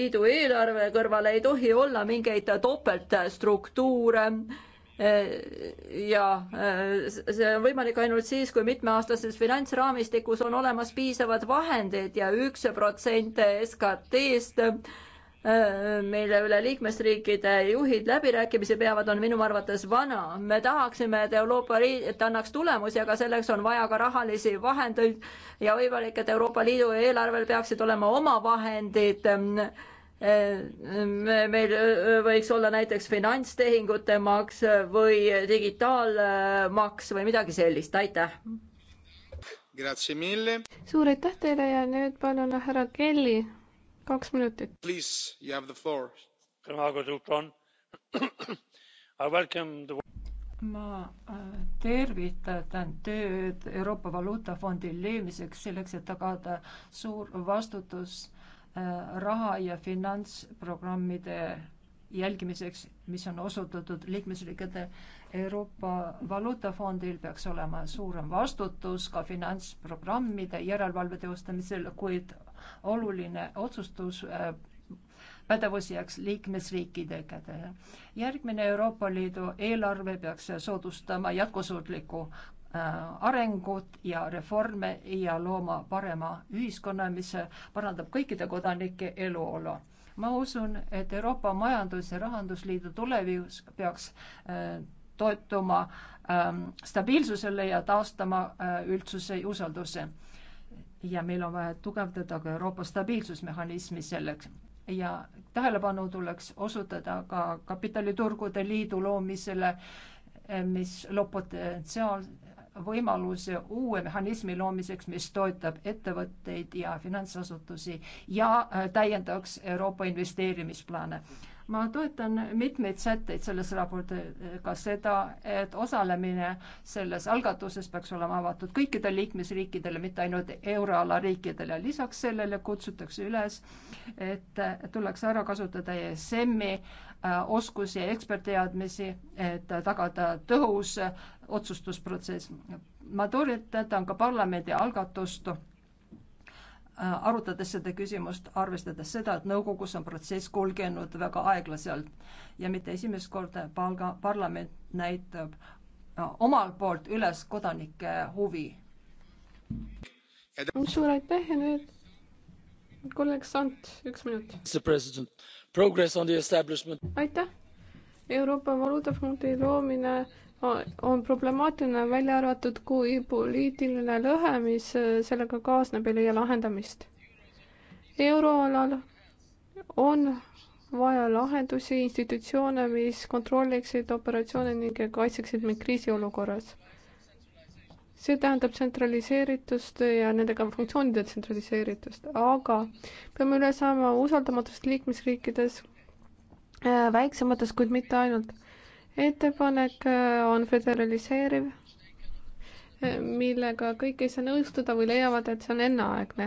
S2: Liidu eelarve kõrval ei tohi olla mingeid topeltstruktuure ja see on võimalik ainult siis, kui mitmeaastases finantsraamistikus on olemas piisavad vahendid ja üks protsent SKT-st Äh, mille üle liikmesriikide juhid läbirääkimisi peavad, on minu arvates vana. me tahaksime, et Euroopa Liit annaks tulemusi, aga selleks on vaja ka rahalisi vahendeid ja võimalik, et Euroopa Liidu eelarvel peaksid olema oma vahendid. Äh, meil äh, võiks olla näiteks finantstehingute maks või digitaalmaks või midagi sellist,
S3: aitäh. suur aitäh teile ja nüüd palun härra Kelly kaks minutit. ma äh, tervitan
S4: tööd Euroopa Valuutafondi leemiseks selleks, et tagada suur vastutus äh, raha ja finantsprogrammide jälgimiseks, mis on osutatud liikmesriikide Euroopa Valuutafondil peaks olema suurem vastutus ka finantsprogrammide järelevalve teostamisel, kuid oluline otsustus äh, pädevus jääks liikmesriikide kätele. järgmine Euroopa Liidu eelarve peaks soodustama jätkusuutlikku äh, arengut ja reforme ja looma parema ühiskonna, mis parandab kõikide kodanike eluolu ma usun, et Euroopa Majandus- ja Rahandusliidu tulevikus peaks äh, toetuma ähm, stabiilsusele ja taastama äh, üldsuse usalduse. ja meil on vaja tugevdada ka Euroopa stabiilsusmehhanismi selleks ja tähelepanu tuleks osutada ka kapitaliturgude liidu loomisele, äh, mis loob potentsiaal, võimaluse uue mehhanismi loomiseks, mis toetab ettevõtteid ja finantsasutusi ja äh, täiendaks Euroopa investeerimisplaane ma toetan mitmeid sätteid selles raportis, ka seda, et osalemine selles algatuses peaks olema avatud kõikidele liikmesriikidele, mitte ainult euroala riikidele. lisaks sellele kutsutakse üles, et tuleks ära kasutada ESM-i äh, oskusi ja ekspertteadmisi, et tagada tõhus otsustusprotsess. ma toetan ka parlamendi algatust Äh, arutades seda küsimust, arvestades seda, et nõukogus on protsess kulgenud väga aeglaselt ja mitte esimest korda palga, parlament näitab äh, omalt poolt üles kodanike
S3: huvi. suur aitäh ja nüüd kolleeg Sant, üks minut. aitäh, Euroopa Valuutafondi loomine on problemaatiline, välja arvatud, kui poliitiline lõhe, mis äh, sellega kaasneb, ei leia lahendamist. euroalal on vaja lahendusi, institutsioone, mis kontrolliksid operatsioone ning kaitseksid meid kriisiolukorras. see tähendab tsentraliseeritust ja nendega funktsioonide tsentraliseeritust, aga peame üle saama usaldamatust liikmesriikides, äh, väiksemates, kuid mitte ainult ettepanek äh, on föderaliseeriv, äh, millega kõik ei saa nõustuda või leiavad, et see on enneaegne.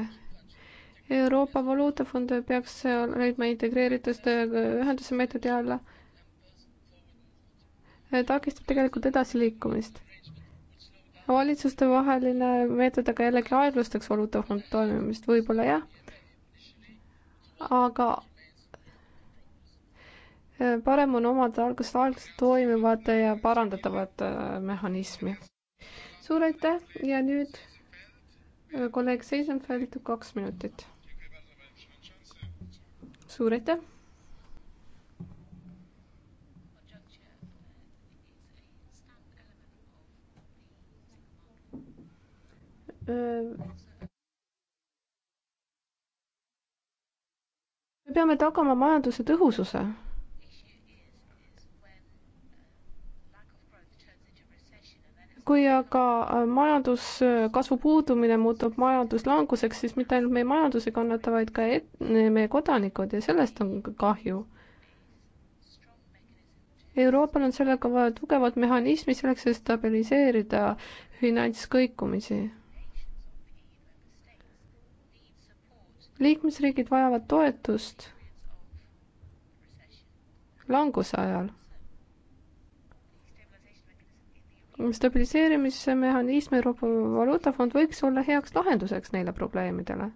S3: Euroopa Valuutafond peaks äh, leidma integreeritud ühenduse meetodi alla. takistab tegelikult edasiliikumist. valitsustevaheline meetod aga jällegi aeglustaks Valuutafondi toimimist, võib-olla jah, aga parem on omada algusest algselt toimivat ja parandatavat äh, mehhanismi. suur aitäh ja nüüd äh, kolleeg Seisenfeld, kaks minutit. suur aitäh. Äh, me peame tagama majanduse tõhususe kui aga äh, majanduskasvu äh, puudumine muutub majanduslanguseks, siis mitte ainult meie majandus ei kannata, vaid ka et, meie kodanikud ja sellest on kahju. Euroopal on sellega vaja tugevat mehhanismi selleks, et stabiliseerida finantskõikumisi. liikmesriigid vajavad toetust languse ajal stabiliseerimismehhanism Euroopa Valuutafond võiks olla heaks lahenduseks neile probleemidele.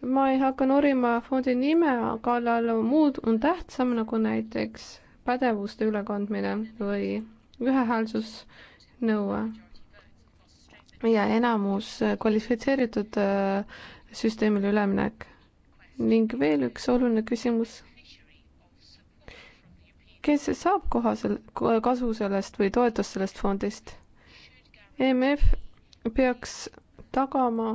S3: ma ei hakka norima fondi nime kallal, muud on tähtsam, nagu näiteks pädevuste ülekandmine või ühehäälsusnõue ja enamus kvalifitseeritud äh, süsteemile üleminek. ning veel üks oluline küsimus kes saab koha sel-, kasu sellest või toetust sellest fondist? EMF peaks tagama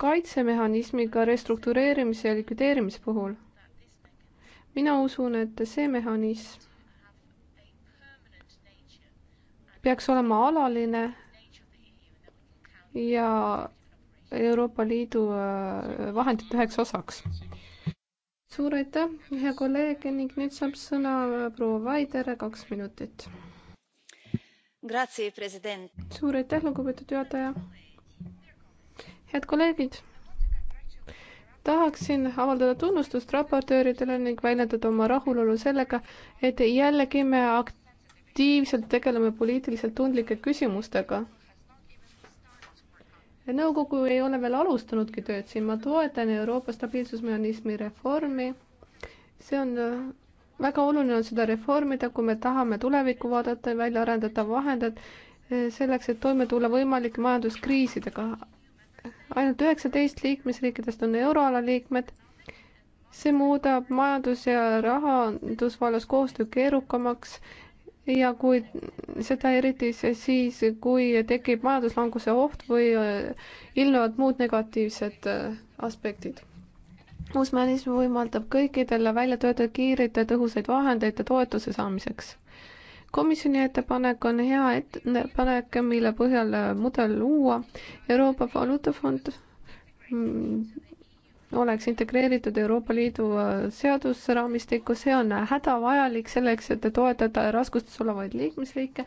S3: kaitsemehhanismiga restruktureerimise ja likvideerimise puhul. mina usun, et see mehhanism peaks olema alaline ja Euroopa Liidu äh, vahendite üheks osaks. suur aitäh, hea kolleeg ning nüüd saab sõna äh, proua Vaider, kaks minutit. suur aitäh, lugupeetud juhataja. head kolleegid tahaksin avaldada tunnustust raportööridele ning väljendada oma rahulolu sellega, et jällegi me aktiivselt tegeleme poliitiliselt tundlike küsimustega nõukogu ei ole veel alustanudki tööd siin, ma toetan Euroopa stabiilsusmehhanismi reformi. see on, äh, väga oluline on seda reformida, kui me tahame tulevikku vaadata ja välja arendada vahendid äh, selleks, et toime tulla võimalike majanduskriisidega. ainult üheksateist liikmesriikidest on euroala liikmed. see muudab majandus- ja rahandusvallas koostöö keerukamaks ja kui seda eriti siis, kui tekib majanduslanguse oht või äh, ilmnevad muud negatiivsed äh, aspektid. uus mehhanism võimaldab kõikidele välja töötada kiireid ja tõhusaid vahendeid toetuse saamiseks. komisjoni ettepanek on hea ettepanek, mille põhjal äh, mudel luua Euroopa Valuutafond mm, oleks integreeritud Euroopa Liidu äh, seadusraamistikku, see on hädavajalik selleks, et toetada raskustes olevaid liikmesriike.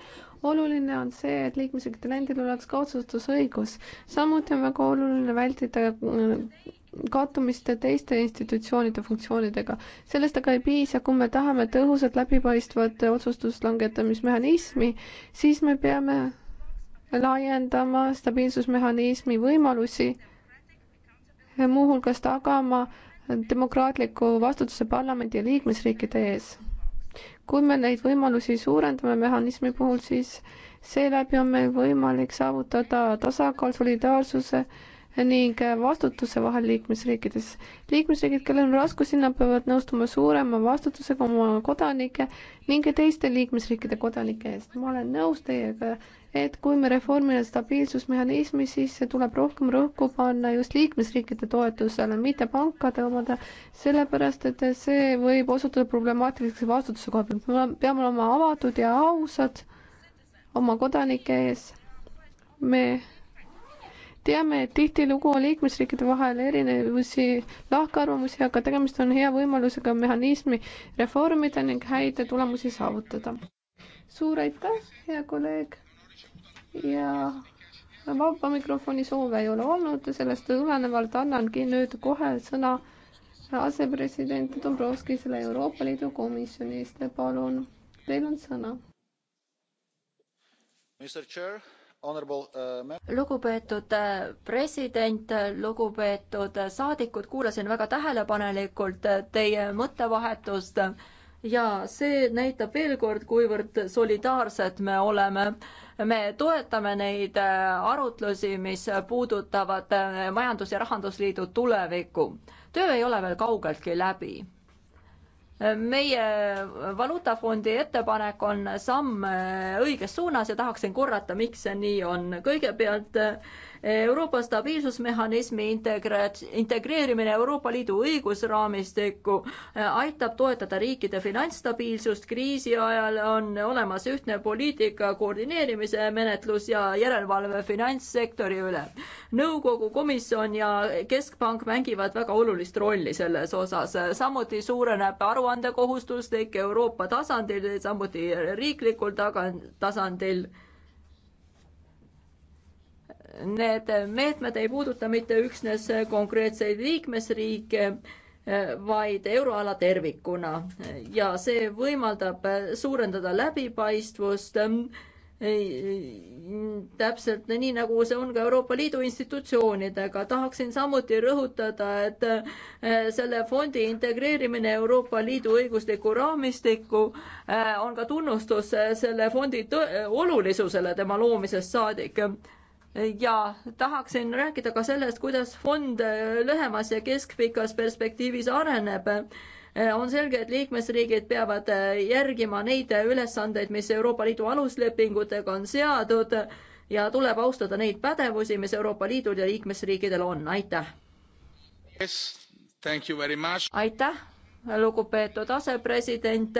S3: oluline on see, et liikmesriikidel endil oleks ka otsustusõigus. samuti on väga oluline vältida äh, kattumist teiste institutsioonide funktsioonidega. sellest aga ei piisa, kui me tahame tõhusat läbipaistvat otsustuslangetamismehhanismi, siis me peame laiendama stabiilsusmehhanismi võimalusi muuhulgas tagama demokraatliku vastutuse parlamendi ja liikmesriikide ees. kui me neid võimalusi suurendame mehhanismi puhul, siis seeläbi on meil võimalik saavutada tasakaal solidaarsuse ning vastutuse vahel liikmesriikides. liikmesriigid, kellel on raskusi, nad peavad nõustuma suurema vastutusega oma kodanike ning teiste liikmesriikide kodanike eest. ma olen nõus teiega, et kui me reformime stabiilsusmehhanismi, siis tuleb rohkem rõhku panna just liikmesriikide toetusele, mitte pankade omade, sellepärast et see võib osutuda problemaatiliseks vastutuse koha pealt. me peame olema avatud ja ausad oma kodanike ees. me teame, et tihtilugu on liikmesriikide vahel erinevusi, lahkarvamusi, aga tegemist on hea võimalusega mehhanismi reformida ning häid tulemusi saavutada. suur aitäh, hea kolleeg! ja vaba mikrofoni soove ei ole olnud ja sellest tulenevalt annangi nüüd kohe sõna asepresident Dombrovskisele Euroopa Liidu komisjonist, palun, teil on sõna.
S4: Uh,
S2: lugupeetud uh, president, lugupeetud saadikud, kuulasin väga tähelepanelikult uh, teie mõttevahetust ja see näitab veel kord, kuivõrd solidaarsed me oleme. me toetame neid äh, arutlusi, mis puudutavad äh, Majandus- ja Rahandusliidu tulevikku. töö ei ole veel kaugeltki läbi meie Valuutafondi ettepanek on samm äh, õiges suunas ja tahaksin korrata, miks see nii on. kõigepealt Euroopa stabiilsusmehhanismi integra-, integreerimine Euroopa Liidu õigusraamistikku äh, aitab toetada riikide finantsstabiilsust, kriisi ajal on olemas ühtne poliitika koordineerimise menetlus ja järelevalve finantssektori üle. nõukogu, komisjon ja keskpank mängivad väga olulist rolli selles osas, samuti suureneb aruandekohustuslik Euroopa tasandil, samuti riiklikul taga-, tasandil Need meetmed ei puuduta mitte üksnes konkreetseid liikmesriike, vaid euroala tervikuna ja see võimaldab suurendada läbipaistvust täpselt nii, nagu see on ka Euroopa Liidu institutsioonidega. tahaksin samuti rõhutada, et eh, selle fondi integreerimine Euroopa Liidu õiguslikku raamistikku eh, on ka tunnustus selle fondi olulisusele tema loomisest saadik ja tahaksin rääkida ka sellest, kuidas fond äh, lühemas ja keskpikas perspektiivis areneb. Äh, on selge, et liikmesriigid peavad äh, järgima neid ülesandeid, mis Euroopa Liidu aluslepingutega on seatud ja tuleb austada neid pädevusi, mis Euroopa Liidul ja liikmesriikidel on, aitäh yes,! aitäh, lugupeetud asepresident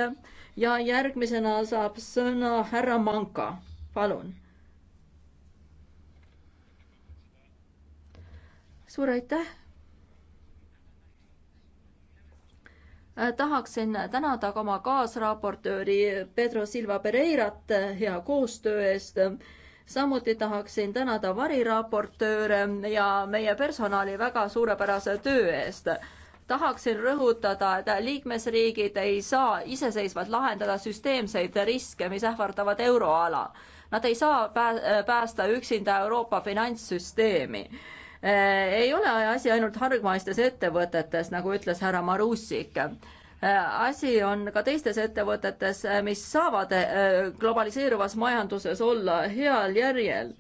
S2: ja järgmisena saab sõna härra Manka, palun suur aitäh. Äh, tahaksin tänada ka oma kaasraportööri Pedro Silva Pereirat äh, hea koostöö eest. samuti tahaksin tänada variraportööre ja meie personali väga suurepärase töö eest tahaksin rõhutada, et liikmesriigid ei saa iseseisvalt lahendada süsteemseid riske, mis ähvardavad euroala. Nad ei saa päästa üksinda Euroopa finantssüsteemi Äh, ei ole asi ainult hargmaistes ettevõtetes, nagu ütles härra Marussik. Äh, asi on ka teistes ettevõtetes, äh, mis saavad globaliseeruvas majanduses olla heal järjel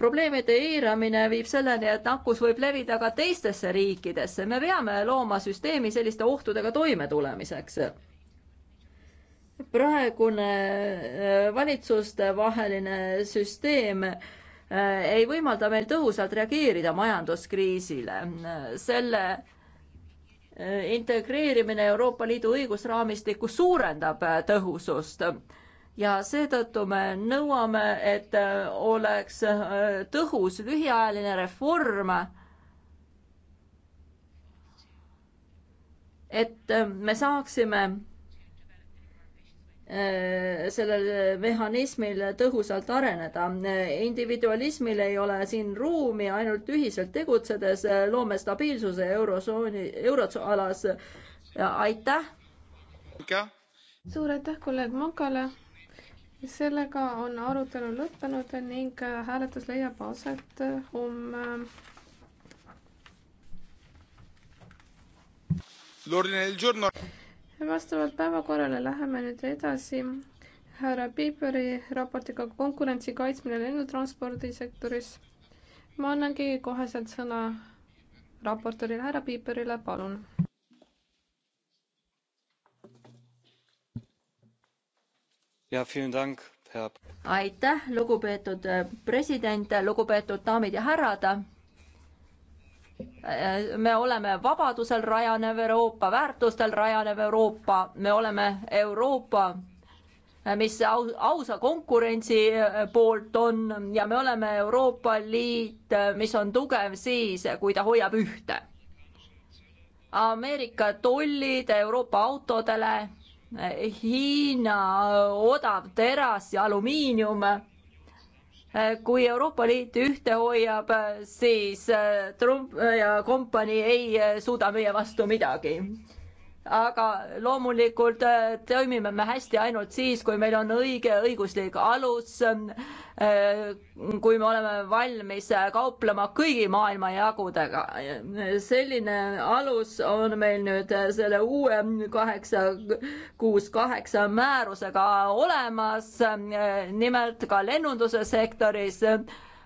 S2: probleemide eiramine viib selleni, et nakkus võib levida ka teistesse riikidesse. me peame looma süsteemi selliste ohtudega toimetulemiseks. praegune valitsustevaheline süsteem Äh, ei võimalda meil tõhusalt reageerida majanduskriisile. selle äh, integreerimine Euroopa Liidu õigusraamistikku suurendab äh, tõhusust ja seetõttu me nõuame, et oleks tõhus lühiajaline reform et me saaksime Äh, sellel mehhanismil tõhusalt areneda. individualismil ei ole siin ruumi, ainult ühiselt tegutsedes loome stabiilsuse eurosooni, euroalas. aitäh!
S3: suur aitäh kolleeg Makale. sellega on arutelu lõppenud ning hääletus leiab aset homme.
S4: L'ordine del giorno
S3: vastavalt päevakorrale läheme nüüd edasi härra Piiperi raportiga Konkurentsi kaitsmine lennutranspordisektoris. ma annangi koheselt sõna raportöörile härra Piiperile, palun.
S2: aitäh, lugupeetud äh, president, lugupeetud daamid ja härrad Äh, me oleme vabadusel rajanev Euroopa, väärtustel rajanev Euroopa, me oleme Euroopa, äh, mis au, ausa konkurentsi äh, poolt on ja me oleme Euroopa Liit, mis on tugev siis, kui ta hoiab ühte. Ameerika tollid Euroopa autodele, Hiina odav teras ja alumiinium Äh, kui Euroopa Liit ühte hoiab, äh, siis äh, Trump ja kompanii ei suuda meie vastu midagi aga loomulikult äh, toimime me hästi ainult siis, kui meil on õige õiguslik alus, äh, kui me oleme valmis kauplema kõigi maailmajagudega. selline alus on meil nüüd selle uue kaheksa, kuus kaheksa määrusega olemas, äh, nimelt ka lennunduse sektoris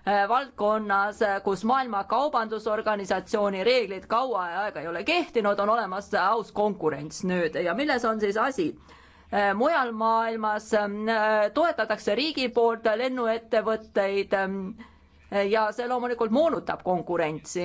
S2: Äh, valdkonnas, äh, kus Maailma Kaubandusorganisatsiooni reeglid kaua aega ei ole kehtinud, on olemas aus konkurents nüüd ja milles on siis asi? Äh, mujal maailmas toetatakse riigi poolt lennuettevõtteid ja see loomulikult moonutab konkurentsi.